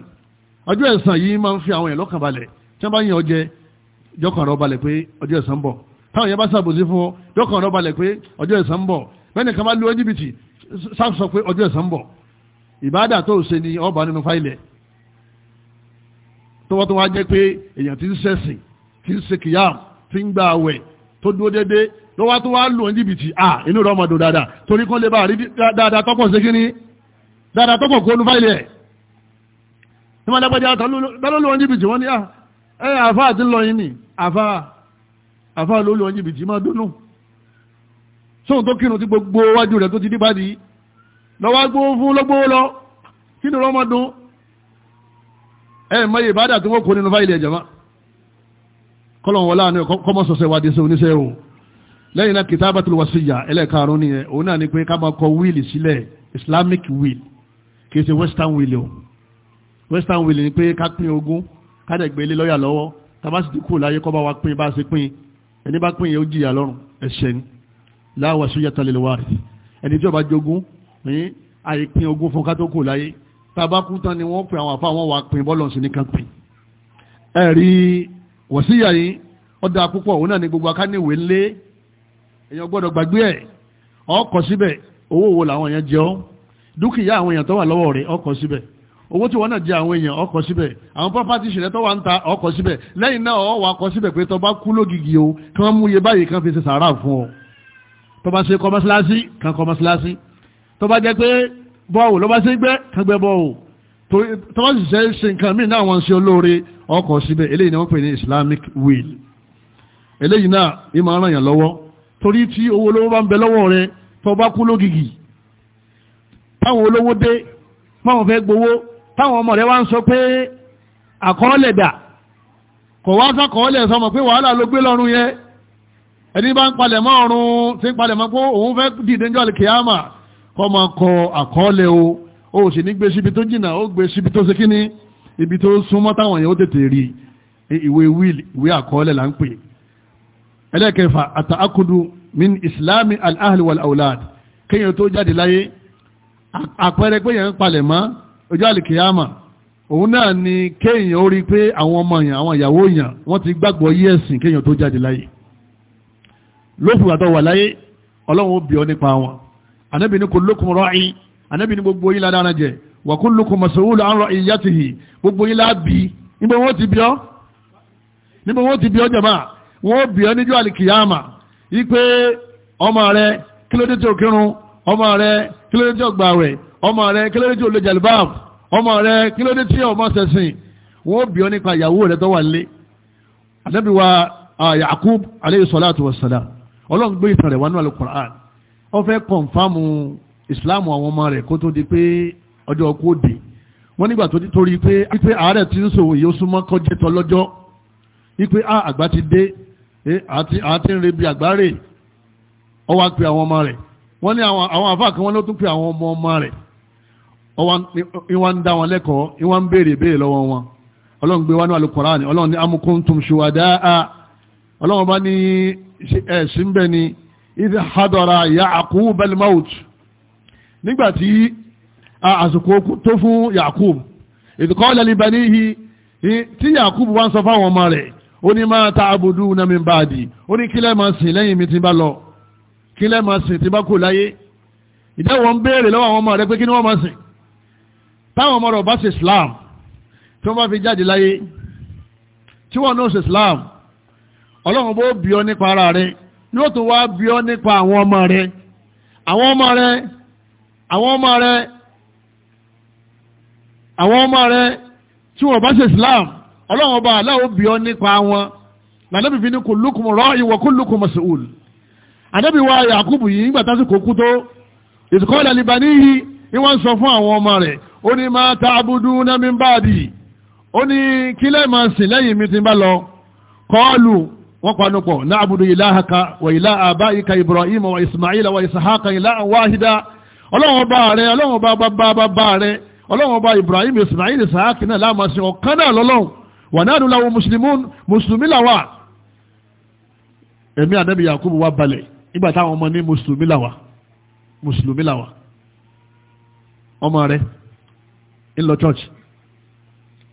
ọjọ́ ẹ̀san yìí máa ń fi àwọn èèyàn balẹ̀ tí wọ́n bá yàn ọjẹ́ rọ balẹ̀ pé ọjọ́ bọ̀ táwọn yẹn bá fún ọ rọ balẹ̀ pé ọjọ́ bọ̀ bẹ́ẹ̀ni kan bá lu ẹjíbìtì pé ọjọ́ bọ̀ ìbáàdà tó ṣe tí ń gba àwẹ̀ tó dúró dédé ló wá tó wá lò ní jìbìtì à inú rẹ̀ ọmọdé dáadáa torí kán lè bá rí dáadáa tọ́pọ̀ sí kíní dáadáa tọ́pọ̀ kó nu fáìlì ẹ̀ ní wọ́n dápẹ́jà tán ló lò ní jìbìtì wọ́n ní à ẹ àfa àti lọ yín ni àfa àfa ló lò ní jìbìtì máa dúnú sóhun tó kírun ti gbogbo wájú rẹ̀ tó ti díbàdí lọ́wọ́ gbówó fún lọ́gbówó lọ kí ni rọ́mọdún ẹ̀ mọ ìbádà tó wọ́n kó nínú fáìlì ẹ̀ jẹ̀mọ́ kọ́lọ̀n wọlá ní kọ́mọ́sọ̀sẹ̀ wà dínṣẹ́ oníṣẹ́ o lẹ́yìn náà kitabatul wasiyya ẹlẹ́ẹ̀karùn ní ẹ̀ ni pé ká máa kọ wíìlì islamic will kìí ṣe western will o western will ni pé ká pín ogún ká dẹ̀ gbélé lọ́yà lọ́wọ́ tá bá sì ti kú láyé kọ́ bá wa pín bá ṣe pín ẹni bá pín yẹn ó jìyà lọ́rùn ẹ̀ṣẹ̀ ni la wasiyyata lil warith ẹni tí ó bá jogún ní àìpín ni wọ́n pín wọ̀síyà yìí ọ̀dà púpọ̀ òun náà ni gbogbo akáníwèé ńlé èèyàn gbọ́dọ̀ gbàgbé ẹ̀ ọkọ̀ síbẹ̀ owó wo làwọn èèyàn jẹ ọ́ dúkìá àwọn èèyàn tó wà lọ́wọ́ rẹ̀ ọkọ̀ síbẹ̀ owó tí wọ́n náà jẹ àwọn èèyàn ọkọ̀ síbẹ̀ àwọn pápátí ìṣẹ̀lẹ̀ tó wà ń ta ọkọ̀ síbẹ̀ lẹ́yìn náà ọwọ́ akọ̀ síbẹ̀ pé tó bá kú lógìgì o kí wọ́n mú iye báyìí kan fi ṣe sàárà fún ọ tó ṣe kọ́mọ́síláṣí kan kọ́mọ́síláṣí tó bá pé bọ́ọ̀ ló ṣe gbẹ́ kan gbẹ́ bọ́ọ̀ tọ́wọ́ sì ṣe ṣe nǹkan míì náà wọ́n ṣe olóore ọkọ̀ síbẹ̀ eléyìí ni wọ́n pè ní islamic will eléyìí náà ìmọ̀ ara yàn lọ́wọ́ torí tí owó olówó bá ń bẹ lọ́wọ́ rẹ tó bá kú lógìgì táwọn olówó dé fẹ́ gbowó táwọn ọmọ rẹ wá ń sọ pé àkọọ́lẹ̀ dà kò wá sọmọ pé wàhálà ló gbé lọ́rùn yẹn ẹni bá ń palẹ̀ mọ́ ọ̀run tí ń palẹ̀ mọ́ pé òun fẹ́ dìde o sì ní gbé síbi tó jìnnà ó gbé síbi tó ṣe kí ni ibi tó súnmọ́ táwọn èèyàn ó tètè rí ìwé wíìl ìwé àkọọ́lẹ̀ là ń pè ẹlẹ́kẹfà àtàkùdù min islami al-ahli wal-awlad kéèyàn tó jáde láyé àpẹẹrẹ pé yẹn ń palẹ̀ mọ́ ọjọ́ àlìkìyàmà òun náà ni kéèyàn ó rí pé àwọn ọmọ yẹn àwọn ìyàwó yẹn wọ́n ti gbàgbọ́ yí ẹ̀sìn kéèyàn tó jáde láyé lófin àtọ̀ wà láyé ọlọ́run ó bi ọ́ nípa wọn ànábì ní kullukum ra'i anábì ní gbogbo yín ládàá jẹ wa kullukum mas'ulun an ra'iyatihi gbogbo yín lábì níbo wọ́n ti bí ọ́ níbo wọ́n ti bí ọ́ jẹ̀má wọ́n bí ọ́ níjọ́ àlìkìyàmà yí pé ọmọ rẹ kílódé tí ò kírun ọmọ rẹ kílódé tí ò gbàwẹ̀ ọmọ rẹ kílódé tí ò lè jàlbáàb ọmọ rẹ kílódé tí ò mọ ṣẹ̀sìn wọ́n nípa ìyàwó rẹ tó wà lé anábì wa Yaqub alayhi salatu wassalam ọlọ́run gbé ìtàn rẹ̀ wá nínú Al-Qur'an fẹ́ kọ̀ǹfàmù ìsìláàmù àwọn ọmọ rẹ̀ kó tó di pé ọjọ́ ọkú òde wọ́n nígbà tó torí pé wípé àárẹ̀ ti ń sòwò yìí ó súnmọ́ kọjẹ́ tọ́ lọ́jọ́ wípé a àgbà ti dé àti ń re bí àgbáre ó wá pe àwọn ọmọ rẹ̀ wọ́n ní àwọn àfáà kan wọ́n ló tún pe àwọn ọmọ ọmọ rẹ̀ ìwà ń dá wọn lẹ́kọ̀ọ́ ìwà ń béèrè béèrè lọ́wọ́ wọn ọlọ́run gbé wá alukọ̀ránì ọlọ́run ní amukuntum ṣùwàdáà ọlọ́run bá ní ẹ̀sìn bẹ́ẹ̀ ni ìdí hadara Ya'qub al-maut nígbàtí àsìkò tó fún yakub ìdíkọ́lẹ̀ libẹ̀ níhi tí yakub wá ń sọ fáwọn ọmọ rẹ̀ ó ní máa ta abudu nami báàdì ó ní kílẹ̀ máa sìn lẹ́yìn mi ti bá lọ kílẹ̀ máa sìn ti bá kò láyé ìdáwọ̀ béèrè lọ́wọ́ àwọn ọmọ rẹ̀ pé kí ni wọ́n máa sìn táwọn ọmọ rẹ̀ bá ṣe islam tí wọ́n bá fi jáde láyé tí wọ́n náà ṣe islam ọlọ́run bó bí ọ nípa ara rẹ̀ yóò tó wá bí ọ nípa àwọn ọmọ rẹ̀ àwọn ọmọ rẹ̀ àwọn ọmọ rẹ àwọn ọmọ rẹ tí ṣe Islam ọlọ́run ọba aláwọ̀ bí ọ nípa wọn lànàbí fi ní kullukum ra'in wa kullukum mas'ul ànábì wa Yakubu yìí nígbà tásìkò kú tó ìtìkọ́lẹ̀ libani yìí ni wọ́n sọ fún àwọn ọmọ rẹ̀ ó ní ma ta'buduna min ba'di ó ní kílẹ̀ máa sìn lẹ́yìn mi ti bá lọ kọ́ọ̀lù wọ́n Ibrahim Ismaila ọlọ́run ọba rẹ ọlọ́run ọba bàbá bàbá rẹ ọlọ́run ọba Ibrahim Ismail Isaac náà láàmásí ọ̀kan náà lọ́lọ́run wà náà lọ́wọ́ mùsùlùmí làwà ẹ̀mí ànábì Yakubu wá balẹ̀ nígbà táwọn ọmọ ní mùsùlùmí làwà mùsùlùmí làwà ọmọ rẹ ńlọ church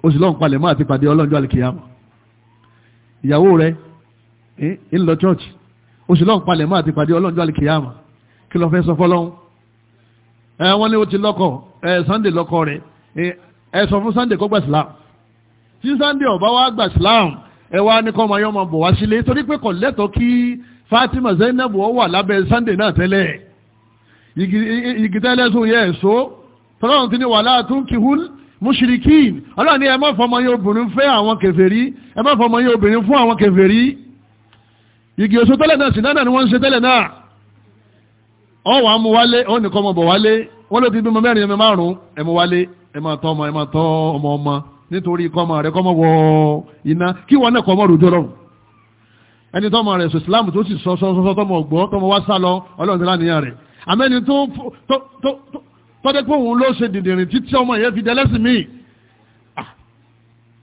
ó sì lọ́n palẹ̀ mọ́ àti pàdé ọlọ́njọ́ àlìkìyàmọ̀ ìyàwó rẹ ńlọ church ó sì lọ́n palẹ̀ mọ́ àti pàdé ọlọ́njọ́ àlìkìyàmọ̀ kí ló fẹ́ sọ fọ́lọ́hún ẹ wọ́n ní o ti lọ́kọ ẹ Sunday lọ́kọ rẹ̀ ẹ sọ fún Sunday kó gbà Islam tí Sunday ọba wa gbà Islam ẹ wá ní kọ́mọ ayọ́mọ bọ̀ wá sílé torí pé kò lẹ́tọ̀ọ́ kí Fatima Zainab ọ wà lábẹ́ Sunday náà tẹ́lẹ̀ igi tẹ́lẹ̀ sùn yẹ ẹ̀ṣọ́ tọ́lọ́run ti ní wàhálà tún kìhún mushrikin ọlọ́run ní ẹ má fọmọ yín obìnrin fẹ́ àwọn kèfèrí ẹ má fọmọ yín obìnrin fún àwọn kèfèrí igi èso tẹ́lẹ̀ náà sì náà ni wọ́n ń ṣe tẹ́lẹ̀ náà ọ wà mú wálé ọ nìkan ọmọ bọ̀ wálé wọ́n ló ti bímọ mẹ́rin ẹ̀mẹ́ márùn-ún ẹ̀mọ wálé ẹ̀mọ tọ́ ọmọ ẹ̀mọ tọ́ ọmọ ọmọ nítorí kọ́mọ rẹ̀ kọ́mọ wọ iná kí wọ́n náà kọ́mọ rojọ́ lọ́rùn ẹni tọ́mọ rẹ̀ sọ Islam tó sì sọ sọ sọ tọmọ ọgbọ́ tọmọ wá sá lọ ọlọ́run nílá nìyà rẹ̀ àmẹ́ni tó tọ́jẹ́ pé òun ló ṣe dìndìnrín títí ọmọ yẹn fi dẹ́lẹ́sìn míì ah,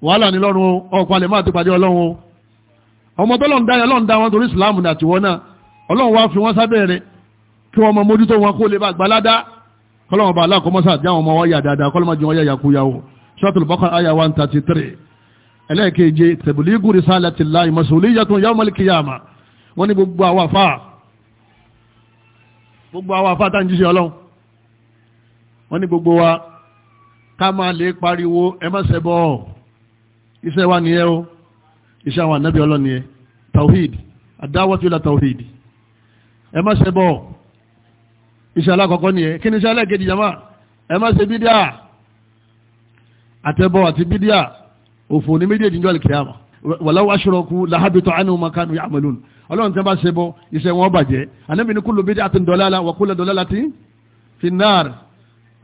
wàhálà ní lọ́rùn ọkọ̀ alẹ́ máa ti pàdé ọlọ́run ọmọ tọ́lọ́run dá ọlọ́run dá wọn torí Islam àtiwọ́n náà ọlọ́run wá fi wọ́n sábẹ́ rẹ̀ kí wọ́n mọ mójútó wọn kó lè bá gbalada kọ́lọ́mọba aláàkọ́mọ́sá àti àwọn ọmọ wọn yà dáadáa kọ́lọ́mọjì wọn yà yakuyawo suratul Baqara àyà one thirty three ẹlẹ́ẹ̀keje tabligu risalatillahi masuliyatun yawmal qiyamah wọ́n ní gbogbo àwọn àfáà gbogbo àwọn àfáà tá ń jíṣẹ́ ọlọ́run wọ́n ní gbogbo wa ká máa lè pariwo ẹ má ṣẹbọ iṣẹ́ wa nìyẹn o iṣẹ́ àwọn ànábì ọlọ́run nìyẹn tawhid ad-da'watu ila tawhid ẹ má ṣẹbọ iṣẹ́ alákọ̀ọ́kọ́ nìyẹn kí ni iṣẹ́ alákejì jama ẹ má ṣe bídíà àtẹ̀bọ̀ àti bídíà òfò ní méjèèjì jọ́ àlìkìyàmà wàláwà aṣọ́rọ̀kú làhábìtọ̀ àánú makanu ya'malun ọlọ́run tẹ́ bá ṣe bọ́ iṣẹ́ wọn bàjẹ́ anábì ní kullu bid'atin dalala wa kullu dalalatin fi nnar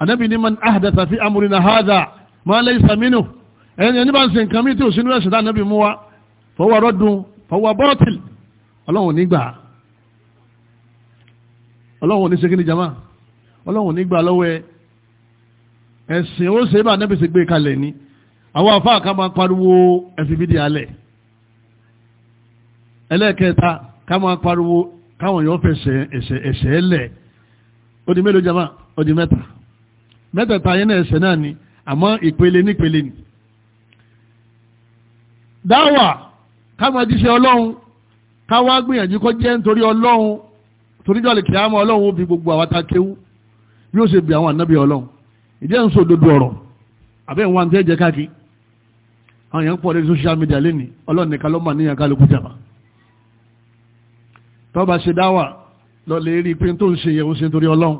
anábì ní man ahdatha fi amrina hadha ma laysa minhu ẹni ọlọ́run ní sekí ní jama ọlọ́run ní gbà lọ́wọ́ ẹ ẹ̀sìn ó ṣe bá nẹ́bí ṣe gbé kalẹ̀ ni àwọn àfáà ká máa pariwo ẹ̀sìn fídí alẹ̀ ẹlẹ́ẹ̀kẹta ká máa pariwo káwọn yóò fẹsẹ̀ ẹ̀sẹ̀ ẹ̀sẹ̀ lẹ̀ mélòó jama odi di mẹ́ta mẹ́tẹ̀ẹ̀ta yẹn ẹ̀sẹ̀ náà ni àmọ́ ìpele nípele ni dáwà ká máa jíṣẹ́ ọlọ́run ká wá gbìyànjú kó jẹ́ nítorí ọlọ́run toríjọ́ lè kíyàmọ́ ọlọ́run ó bi gbogbo àwọn takéwú bí ó ṣe bi àwọn ànábì ọlọ́run ìdí ẹ̀ ń sọ dodo ọ̀rọ̀ àbẹ́ ìwọ̀n àti ẹ̀jẹ̀ káàkiri àwọn èèyàn pọ̀ lórí social media lẹ́ni ọlọ́run nìkan ló mà níyàn kálukú jàmá tó bá ṣe dáwà lọ lè rí i pé tó ń ṣe yẹ̀ ń ṣe torí ọlọ́run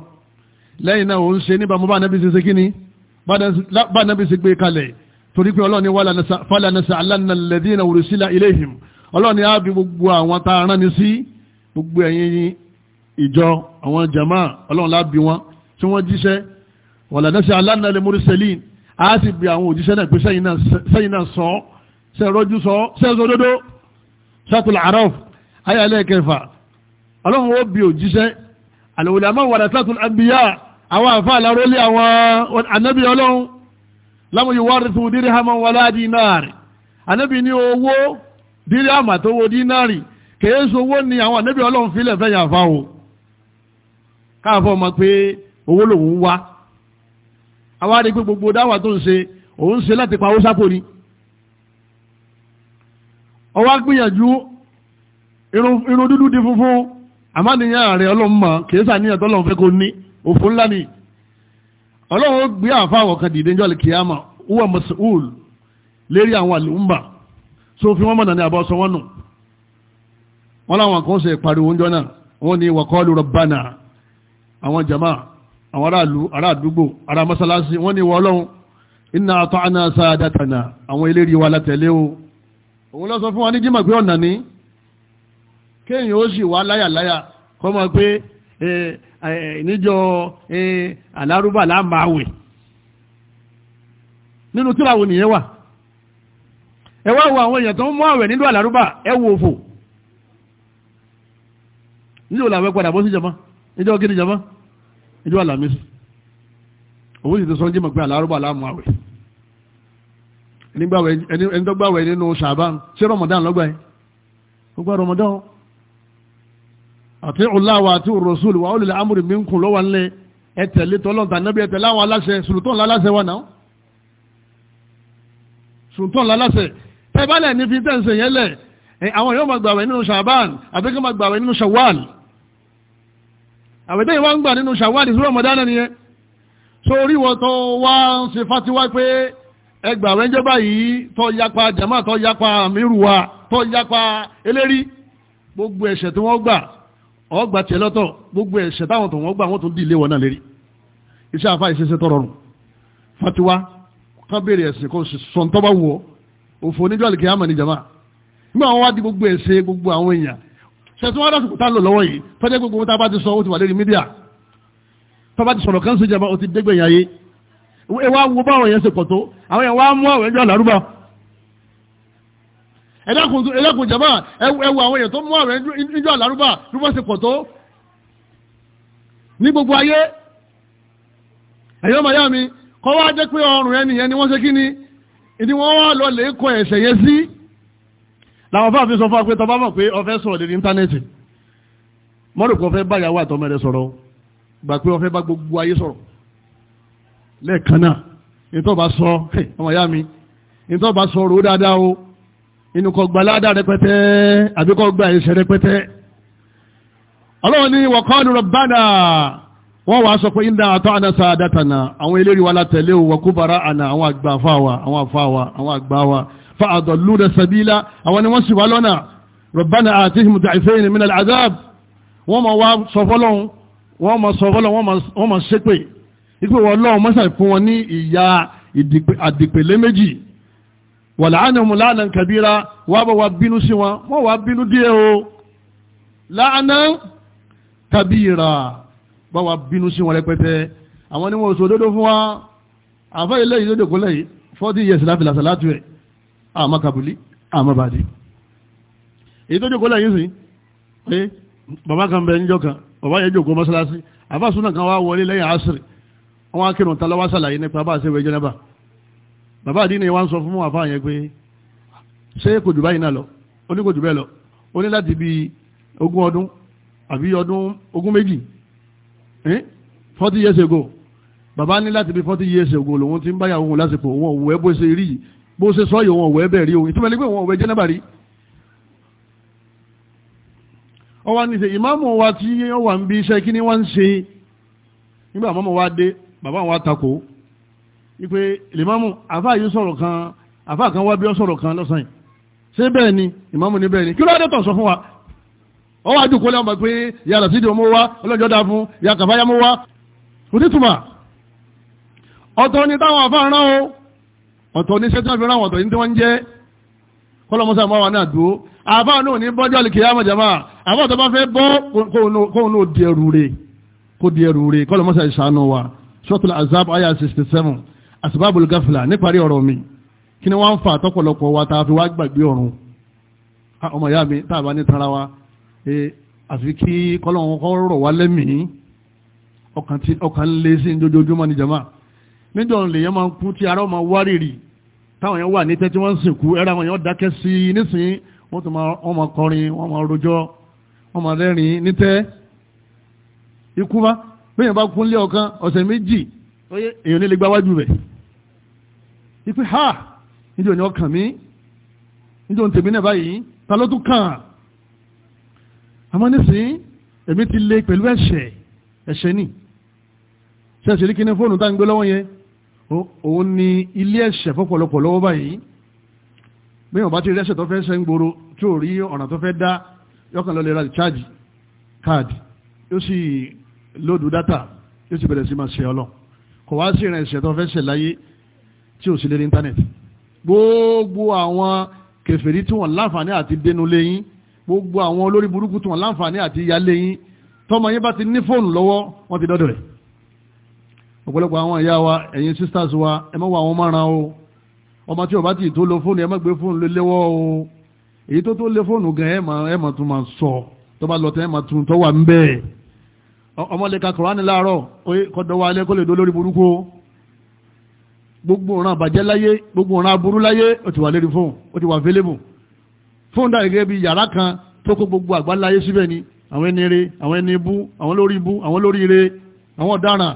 lẹ́yìn náà òun ṣe níbàámu bá ànábì ṣe kí ni bá ànábì ṣe gbé e kalẹ̀ torí pé ọlọ́run ni falanasa alanna alladhina ursila ilayhim ni á bi gbogbo àwọn tá a ìjọ àwọn jama ọlọ́run lábí wọn tí wọ́n jíṣẹ́ wàlànàṣẹ́ alánàlẹ̀ mọ́rẹ́sẹ̀lín a ti bí àwọn òjíṣẹ́ náà pé sẹ́yìn náà sọ sẹ́rọ́jú sọ sẹ́sọ dódó sátúlù araf ayálẹ̀ kẹfà ọlọ́run ó bí òjíṣẹ́ àlòwòlẹ̀ àmọ́ wàlà sátúlù àbíyá àwọn àfa àlárólé àwọn anábì ọlọ́run láwọn yóò wárí tó dírí hàmọ́ wàlá dínárì anábì ní owó dírí àmà tó wo dínárì kèé sowó ni àwọn anábì ọlọ́run fílẹ̀ fẹ́yàn àfa káwọn fọ́ ọmọ pé owó lòun wá àwa rí pé gbogbo dáwà tó ń ṣe òun ṣe láti pa owó sápò ni ọwá gbìyànjú irun dúdú di funfun àmánìyàn rẹ̀ ọlọ́run mọ̀ kìí sàníyàn tó lọ́n fẹ́ kó ní òfò ńlá ni ọlọ́run gbé àfáwọ̀ kan dìde jọ́lẹ̀ kìyàmà uwa masul lérí àwọn àlùmbà so fi wọ́n mọ̀nà ní àbọ̀ sọ wọ́n nù wọ́n láwọn kan ṣe pariwo ń jọ náà wọ́n ní wàkọ́lù rabbana àwọn jama àwọn aráàlú aráàdúgbò ará masalasi wọ́n ní ina iná àtọ́ àná sáadátaná àwọn eléri wa látẹ̀lé o òun lọ́sọ fún wa ní jímọ̀ pé ọ̀nà ní kéèyàn ó sì wá láyàláyà kọ́ pé níjọ alárúbà láàmáwẹ̀ nínú tíráwò nìyẹn wà ẹ wá àwọn èèyàn tó ń mú àwẹ̀ nínú alárúbà ìjọ gíní jama ìjọ alamisi òun sì ti sọ jímọ̀ pé alárúbọ̀ aláàmù àwẹ̀ ẹni tó gbàwẹ̀ nínú ṣàbán ṣé rọmọdán lọ́gbà yìí ó gbà rọmọdán àti ọláwà àti rọ̀ṣùlù wà ó lè amúrì mi ń kùn lọ́wọ́ ńlẹ̀ ẹ tẹ̀lé tọ́lọ́ntà nábì ẹ tẹ̀lé àwọn aláṣẹ sùlùtọ́n láláṣẹ wà náà sùlùtọ́n láláṣẹ tẹ́ bá lẹ̀ ní fi tẹ́ǹsẹ̀ yẹn lẹ̀ àwọn yóò àwẹ̀tẹ́ ìwá ń gbà nínú ṣàwádìí sí ọmọdánà nìyẹn so orí wọn tó wá ń ṣe fátíwá pé ẹgbà wẹ́njẹ́ báyìí tó yapa jama tó yapa amiruwa tó yapa eléri gbogbo ẹ̀ṣẹ̀ tí wọ́n gbà ọgbà tiẹ̀ lọ́tọ̀ gbogbo ẹ̀ṣẹ̀ táwọn tó wọ́n gbà wọ́n tún dìlé wọn náà lérí jama nígbà wọn wá di gbogbo ẹ̀ṣẹ̀ sẹ̀tún wọn lásìkò tá lò lọ́wọ́ yìí tọ́jú gbogbo tá a bá ti sọ ó ti wà lérí mídíà tó bá ti sọ̀rọ̀ kan sí ìjọba ó ti dégbè yàn yé ẹ wá wo báwọn yẹn ṣe pọ̀ tó àwọn yẹn wá mú àwọn ẹjọ́ làrúbà ẹ dákun jàmbá ẹ àwọn yẹn tó mú àwọn ẹjọ́ làrúbà rúbọ̀ ṣe pọ̀ tó ní gbogbo ayé ẹ̀yọ́ màyá mi kọ́ wá dé pé ọrùn ẹnìyẹn ni wọ́n ṣe kí ni ìdí wọ́n wá lọ lè kọ ẹ̀ṣẹ̀ yẹn sí làwọn fáàfin sọ fún wa pé tọ́ bá mọ̀ pé ọ̀fẹ́ sọ̀rọ̀ lórí íńtánẹ́ẹ̀tì mọ́rò kò fẹ́ báyàwó àtọmọ rẹ sọ̀rọ̀ gbà pé ọ̀fẹ́ bá gbogbo ayé sọ̀rọ̀ lẹ́ẹ̀kan náà ìtọ́ bá sọ ọmọ ìyá mi ìtọ́ bá sọ ọ̀rọ̀ dáadáa o inú kọ gba ládà rẹpẹtẹ àbí kọ wọ́n wàá sọ pé ìdá àtọ́ àná sáadátànà àwọn eléri látẹ̀lé o wọ̀kúbara àná àwọn àgbà fáwa àwọn àfáwa àwọn àgbà wa fa àdọ̀lúdà sàbílá àwọn ni wọ́n sì wá lọ́nà rọ̀bánà àti mùtàìfẹ́yìn min al-adhab wọ́n ma wá sọfọ́lọ́hun wọ́n ma sọfọ́lọ́hun wọ́n ma ṣépè ipò wọ́n lọ́wọ́ mọ́sàn fún wọn ní ìyà àdìpèlé méjì wà láàánàmù láàánà kàbíra wà bá wà bínú sí wọn wọ́n wà bínú díẹ̀ o láàánà kàbíra bá wà bínú sí wọn rẹpẹtẹ àwọn ni wọn ò sòdodo fún wa àfẹ́ ilé ìdódòkúnlẹ̀ yìí 40 years láfi làṣà látú ẹ̀ àmọ́ kàbùlí àmọ́ bàdí èyí tó jòkó lẹ́yìn sí pé bàbá kan bẹ níjọ́ kan bàbá yẹn jòkó mọ́sálásí àbá súnà kan wá wọlé lẹ́yìn àásìrì wọ́n á kírun tálọ́wọ́ sàlàyé nípa bá àṣẹwẹ̀ jẹ́nẹ́bà bàbá àdínà wá ń sọ fún àfáà yẹn pé ṣé kò jù báyìí náà lọ ó ní kò jù bẹ́ẹ̀ lọ ó ní láti bí ogún ọdún àbí ọdún ogún méjì forty years ago bàbá ní láti bí forty years ago lòun ti ń báyàwó lásìkò òun òun ẹ̀ bó ṣe rí yìí bó ṣe sọ yòówọ̀n òwẹ́ bẹ̀ rí o ìtumọ̀ ní pé òun rí ọwọ́ ní ṣe wa tí ó wà ń bí iṣẹ́ kí ni wọ́n ń ṣe nígbà wa dé bàbá wa takò wípé ìmáàmù àfáà yìí sọ̀rọ̀ kan àfáà kan wá bí ó kan lọ́sàn bẹ́ẹ̀ ni ìmáàmù ni bẹ́ẹ̀ ni kí ló dé sọ fún wa ọwọ́ lẹ́wọ̀n ọmọ wa ọlọ́jọ́ fún ya kàfáyà wa ọ̀tọ̀ ni táwọn àfáà ọ̀tọ̀ oníṣẹ́ tí wọ́n fi ráwọn ọ̀tọ̀ yìí tí wọ́n ń jẹ́ kọ́lọ́mọ́sá máa wà náà dúró àbá náà ní bọ́jọ́ àlìkèyà àmọ̀jàmá àbá tó bá fẹ́ bọ́ kóun náà di ẹrù rẹ̀ kó di ẹrù rẹ̀ kọ́lọ́mọ́sá ìṣàánú wa suratul azab aya sixty seven asbabul gafla níparí ọ̀rọ̀ mi kí ni wọ́n ń fa àtọ́pọ̀lọpọ̀ wa tá fi wá gbàgbé ọ̀run ọmọ ìyá mi tá a bá ní tara wa àfi kí kọ́lọ́mọ́ kọ́ rọ̀ wá lẹ́mìí ọkàn lé sí ní ojoojúmọ́ ní jàmáà níjọ́ ń lè yẹn máa ń kú tí ara máa wárìrì táwọn yẹn wà ní tẹ́tí wọ́n ń sìnkú ẹ̀rọ àwọn yẹn dákẹ́ sí i nísìnyí wọ́n tún wọ́n máa kọrin wọ́n máa rojọ́ wọ́n máa rẹ́rìn nítẹ́ ikú bá bẹ́ẹ̀ bá kún lé ọ̀kan ọ̀sẹ̀ méjì èèyàn ní lè gba wájú rẹ̀ ipe ha níjọ́ ni ọkàn mi níjọ́ ní tèmi náà báyìí ta ló tún kàn àmọ́ nísìnyí èmi ti lé pẹ̀lú ẹ̀ṣẹ̀ ẹ̀ṣẹ̀ ni ṣe àṣírí kí ní fóònù tá ń gbé lọ́wọ́ yẹn òun ni ilé ẹ̀ṣẹ̀ fọ́pọ̀lọpọ̀ lọ́wọ́ báyìí bí wọ́n bá ti rẹ́ṣẹ̀ tó fẹ́ ṣe ń gbòòrò tí ò rí ọ̀nà tó fẹ́ dá yọkàn lọ lè ra ìcháàjì káàdì yóò sì lóòdù dátà yóò sì bẹ̀rẹ̀ sí máa ṣe ọlọ́ kò wá sí ìrìn ẹ̀ṣẹ̀ tó fẹ́ ṣe láyé tí ò sí lé ní íńtánẹ̀tì gbogbo àwọn kèfèrí tí wọ́n láǹfààní àti dénú léyìn gbogbo àwọn olórí burúkú tí wọ́n láǹfààní àti yá léyìn tọmọ yín bá ti ní fóònù lọ́wọ́ wọ́n ti dọ́dọ̀ rẹ̀ ọ̀pọ̀lọpọ̀ àwọn ìyá wa ẹ̀yin sisters wa ẹ àwọn márùn o ọmọ tí ó bá ti tó lo fóònù ẹ má gbé fóònù lélẹ́wọ́ o èyí tó tó lé fóònù gan ẹ má ẹ má tún máa sọ tó bá lọ tẹ ẹ má tún tọ́ wà ń bẹ́ẹ̀ ọmọ lè ka kùránì láàárọ̀ kọ́dọ̀ wa alẹ́ kó lè dó lórí burúkú gbogbo ọ̀ràn àbàjẹ́ láyé gbogbo ọ̀ràn aburú láyé ó ti wà lérí fóònù ó ti wà available fóònù dàrí gẹ́gẹ́ bí yàrá kan tó kó gbogbo àgbáláyé síbẹ̀ ni àwọn ẹni ire àwọn ẹni ibú àwọn lórí ibú àwọn lórí ire àwọn ọ̀daràn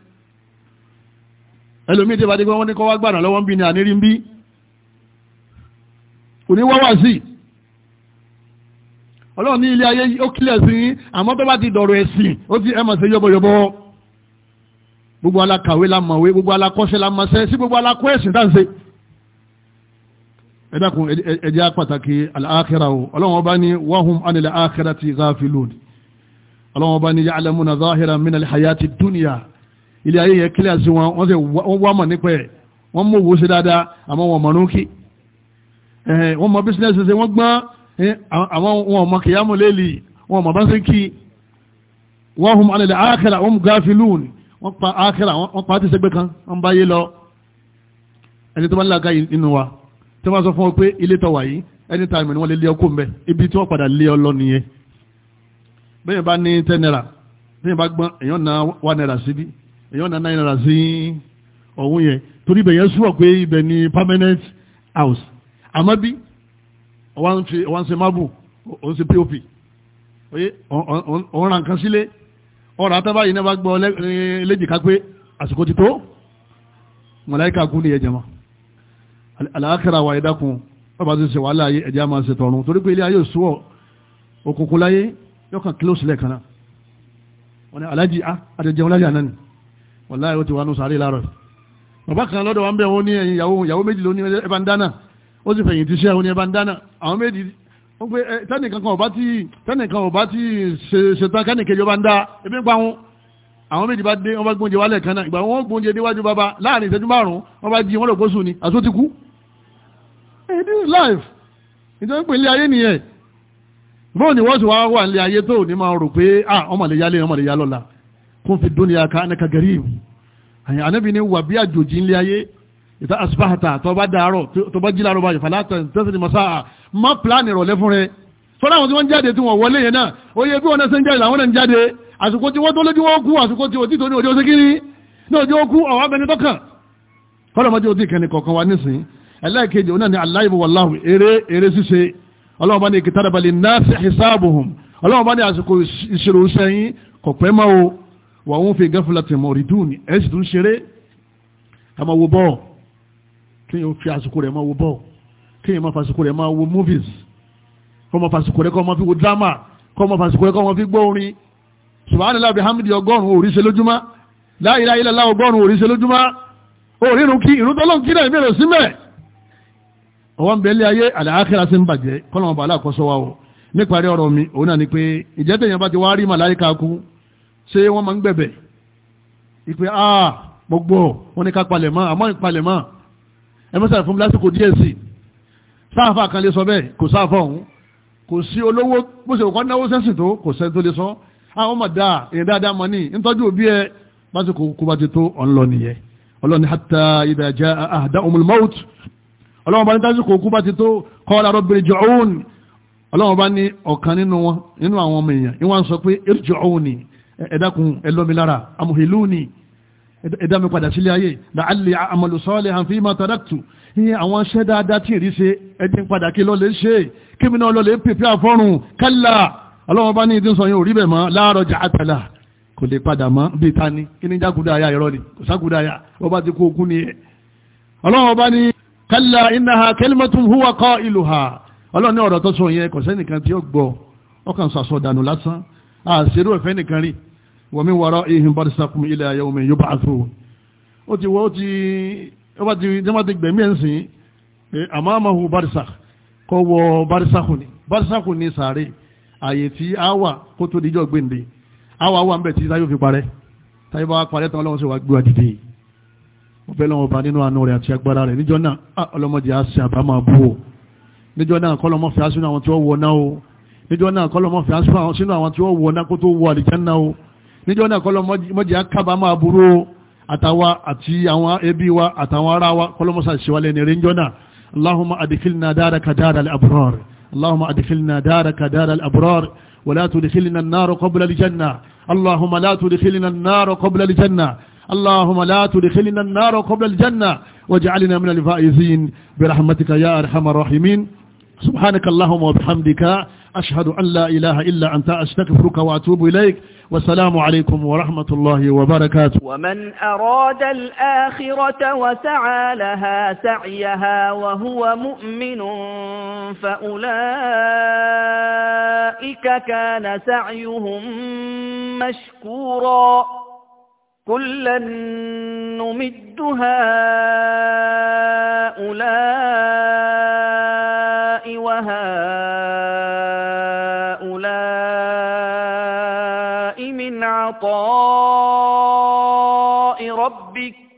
ẹlòmí tí ìbádé pé wọ́n ní kọ́ wá gbàrà lọ́wọ́ ń bí ní ànírí ń bí kò ní wáwà sí ọlọ́run ní ilé ayé ó kílẹ̀ sí yín àmọ́ tó bá ti dọ̀rọ̀ ẹ̀sìn ó ti ẹ̀mọ̀ sí yọ́bọ̀yọ́bọ̀ gbogbo alákàwé lámọ̀wé gbogbo alákọ́ṣẹ́ lámọ̀ṣẹ́ sí gbogbo alákọ́ ẹ̀sìn dáǹṣe ẹ dákun ẹ jẹ́ pàtàkì al o ọlọ́run ọba ní wahum anil akhirati ghafilun ọlọ́run ọba ní ya'lamuna zahiran min al ilé ayé yẹn kílẹ̀ sí wọn wọ́n sì wá mọ̀ nípa ẹ̀ wọ́n mú owó sí dáadáa àmọ́ wọn mọ̀nú kí wọ́n mọ bísínẹ́sì ṣe wọ́n gbọ́n àwọn wọn mọ kìyàmù lélì wọn mọ̀ bá sí kí wọ́n hùm alẹ́lẹ́ àákẹ́lá wọ́n mú gáfílùn wọ́n pa àákẹ́lá wọ́n pa á ti sẹ́gbẹ́ kan wọ́n bá yé lọ ẹni tó bá lága inú wa tí wọ́n sọ fún ọ pé ilé tó wà ẹni tá àmì ni wọ́n lè lé ọkọ̀ mbẹ́ ibi tí wọ́n padà lé ọ lọ nìyẹn bẹ́ẹ̀ bá ní tẹ́ náírà bẹ́ẹ̀ bá gbọ́n èèyàn náà wà náírà síbí èyàn náà náírà sí ọ̀hún yẹn torí ibẹ̀ yẹn súwọ̀ pé ibẹ̀ ni permanent house àmọ́ bí wọ́n ṣe mábù òun ṣe pop òun ra nǹkan sílé ọ̀rọ̀ àtàbà yìí náà bá gbọ́ léjìká pé àsìkò ti tó mọ̀láìka kú ní ẹ̀jẹ̀ mọ́ àlàákàrà wa ẹ̀dá kun bàbá ti ṣe wàhálà ayé ẹ̀jẹ̀ á máa ṣe tọ̀run torí pé ilé ayé òṣùwọ̀ òkùnkùn láyé yọkàn kílòsì lẹ́ẹ̀kan náà wọ́n ní alájì á ah, àtẹ̀jẹun láyé àná ni wàláhì ó ti wà nù sàárè láàrọ̀ bàbá kan lọ́dọ̀ wa ń bẹ̀ wọ́n ní ẹ̀yìn ìyàwó ìyàwó méjì ló ní ẹbà ń dáná ó sì fẹ̀yìntì iṣẹ́ òní ẹbà ń dáná àwọn méjì ó gbé tẹ́nìkan kan ò bá tí tẹ́nìkan ò bá tí ṣetán kẹ́nìkejì ọba ń dá ebi ń pa wọn àwọn méjì bá dé wọn bá gbóúnjẹ wálẹ̀ kan náà ìgbà wọn gbóúnjẹ déwájú bàbá láàrin ìṣẹ́jú márùn wọn bá jí wọn lọ ni àtúntí kú it is life ìjọba ni wọ́n ah ọmọ lè yálé ọmọ kún fi dúnìyà ká ẹnìkan gẹ̀rìm àyìn ànábì ni wà bí àjòjì ńlẹ̀ ayé ìta asibahata tó bá dàárọ̀ tó bá jí lárọ̀ báyìí fàlátà tẹ́sí ni masa má pílánì rọ̀ lẹ́fún rẹ fọ́nà àwọn tí wọ́n jáde tí wọ́n wọlé yẹn náà ó yẹ bí wọ́n ṣe ń jáde làwọn náà ń jáde àsìkò tí wọ́n tó lójú wọn kú àsìkò tí òtítọ́ ní òde ó ṣe kiri ní òde ó kú ọ̀wá bẹni tọ́kàn kọ́lọ̀mọ́dé òdì kẹ́ni kọ̀ọ̀kan wa nísìn ẹlẹ́ẹ̀kejì òun náà ni aláìbò wàláhù eré eré ṣíṣe ọlọ́wọ́n bá ní ìkìtàdàbàlì náà sí hisabuhum ọlọ́wọ́n bá ní àsìkò ìṣirò sẹ́yìn kọ̀pẹ́ máa wà wọ́n fi gáfúlà tẹ̀mọ̀ rìdùn ẹ̀ sì tún ṣeré ká máa wo bọ́ọ̀ kí yẹn fi àsìkò rẹ̀ máa wo bọ́ọ̀ kí yẹn máa fàsìkò rẹ̀ máa wo movies kọ́ máa fàsìkò rẹ̀ kọ́ máa fi wo drama kọ́ máa fàsìkò rẹ̀ kọ́ máa fi gbọ́ orin subhanallah bihamdi ọgọ́rùn-ún òrìṣẹ́ lójúmọ́ la ilaha illallah ọgọ́rùn-ún òrìṣẹ́ lójúmọ́ orírun kí irun tó lọ́n kí náà mìíràn símẹ̀ ọwọ́n bẹ̀lẹ̀ ayé àlàákẹ́ra sí ń bàjẹ́ kọ́lọ̀mọ̀ bàálà kọ́sọ́ wa o níparí ọ̀rọ̀ mi òun náà ni pé ìjẹ́tẹ̀yàn bá ti wá rí màláíkà ṣé wọ́n máa ń gbẹ̀bẹ̀ ìpè ah gbogbo wọn ní ká palẹ̀ mọ́ àmọ́ ìpalẹ̀ mọ́ ẹ mọ́sà fún lásìkò díẹ̀ sí sáàfà kan lè sọ bẹ́ẹ̀ kò sáàfà ọ̀hún kò sí olówó bó ṣe kọ́ náwó sẹ́sìn tó kò sẹ́ni tó lè sọ àwọn ọmọ dáa èyàn dáadáa mọ́ ní nítọ́jú òbí ẹ lásìkò kó bá ti tó ọ̀nlọ nìyẹn ọlọ́ni hatta idha jaa ahdahumul maut ọlọ́wọ́n bá ní lásìkò kó bá ti tó qala rabbi irji'un ọlọ́wọ́n bá ní ọ̀kan nínú wọn nínú àwọn ọmọ èèyàn ìwọ̀n sọ pé irji'uni ẹ̀dákun ẹlọ́mi amuhiluni ẹ̀dá mi padà sílé ayé la'alli a'malu salihan fima taraktu ní àwọn aṣẹ́ dáadáa tí ìrí ṣe ẹdí ń padà kí lọ́lẹ̀ ṣe kí mi náà lọ́lẹ̀ pèpè àfọ́rùn kálà ọlọ́wọ́ bá ní ìdí sọ yẹn ò rí bẹ̀ mọ́ láàárọ̀ jà àtàlà kò lè padà mọ́ bí ta ni kí ní jágúdá ayá ìrọ́ ni kò ságúdá ayá wọ́n bá ti kó ogún ni ẹ̀ ọlọ́wọ́ bá ní kálà innaha kalimatun huwa qailuha ọlọ́ni ọ̀rọ̀ tó sọ yẹn kò wa min wara'ihim barzakun ila yawmi yub'athun ó ti wọ́n ti ọba ti jẹ́mọ́ ti gbẹ̀mí ẹ̀sìn amamahu barzak kọ́ wọ barzakun ni barzakun ni sàárè àyè tí a wà kó tó díjọ́ gbèǹde a wà wà ń bẹ̀ tí táyọ̀ fi parẹ́ táyọ̀ bá wa dìde ọbẹ̀ lọ́wọ́ ọba nínú àánú rẹ̀ àti agbára rẹ̀ níjọ́ náà ah, ọlọ́mọdé á sin àbámọ́ bú o níjọ́ náà kọ́lọ́mọ́ fi á sínú àwọn tí wọ́n wọ náà o níjọ́ náà kọ́lọ́mọ́ fi á sínú àwọn tí wọ́n wọ náà kó tó wọ àlìjánnà o níjọ́ náà kọ́lọ́ mọ́jì akábà máa burú àtàwa àti àwọn ẹbí wa àtàwọn ará wa kọ́lọ́ mọ́sà ṣe wà lẹ́nu rẹ̀ níjọ́ náà Allahumma adkhilna daraka daral abrar Allahumma adkhilna daraka daral abrar ولا تدخلنا النار قبل الجنة اللهم لا تدخلنا النار قبل الجنة اللهم لا تدخلنا النار قبل الجنة واجعلنا من الفائزين برحمتك يا أرحم الراحمين سبحانك اللهم وبحمدك أشهد أن لا إله إلا أنت أستغفرك وأتوب إليك والسلام عليكم ورحمة الله وبركاته ومن أراد الآخرة وسعى لها سعيها وهو مؤمن فأولئك كان سعيهم مشكورا كلا نمد هؤلاء وهؤلاء من عطاء ربك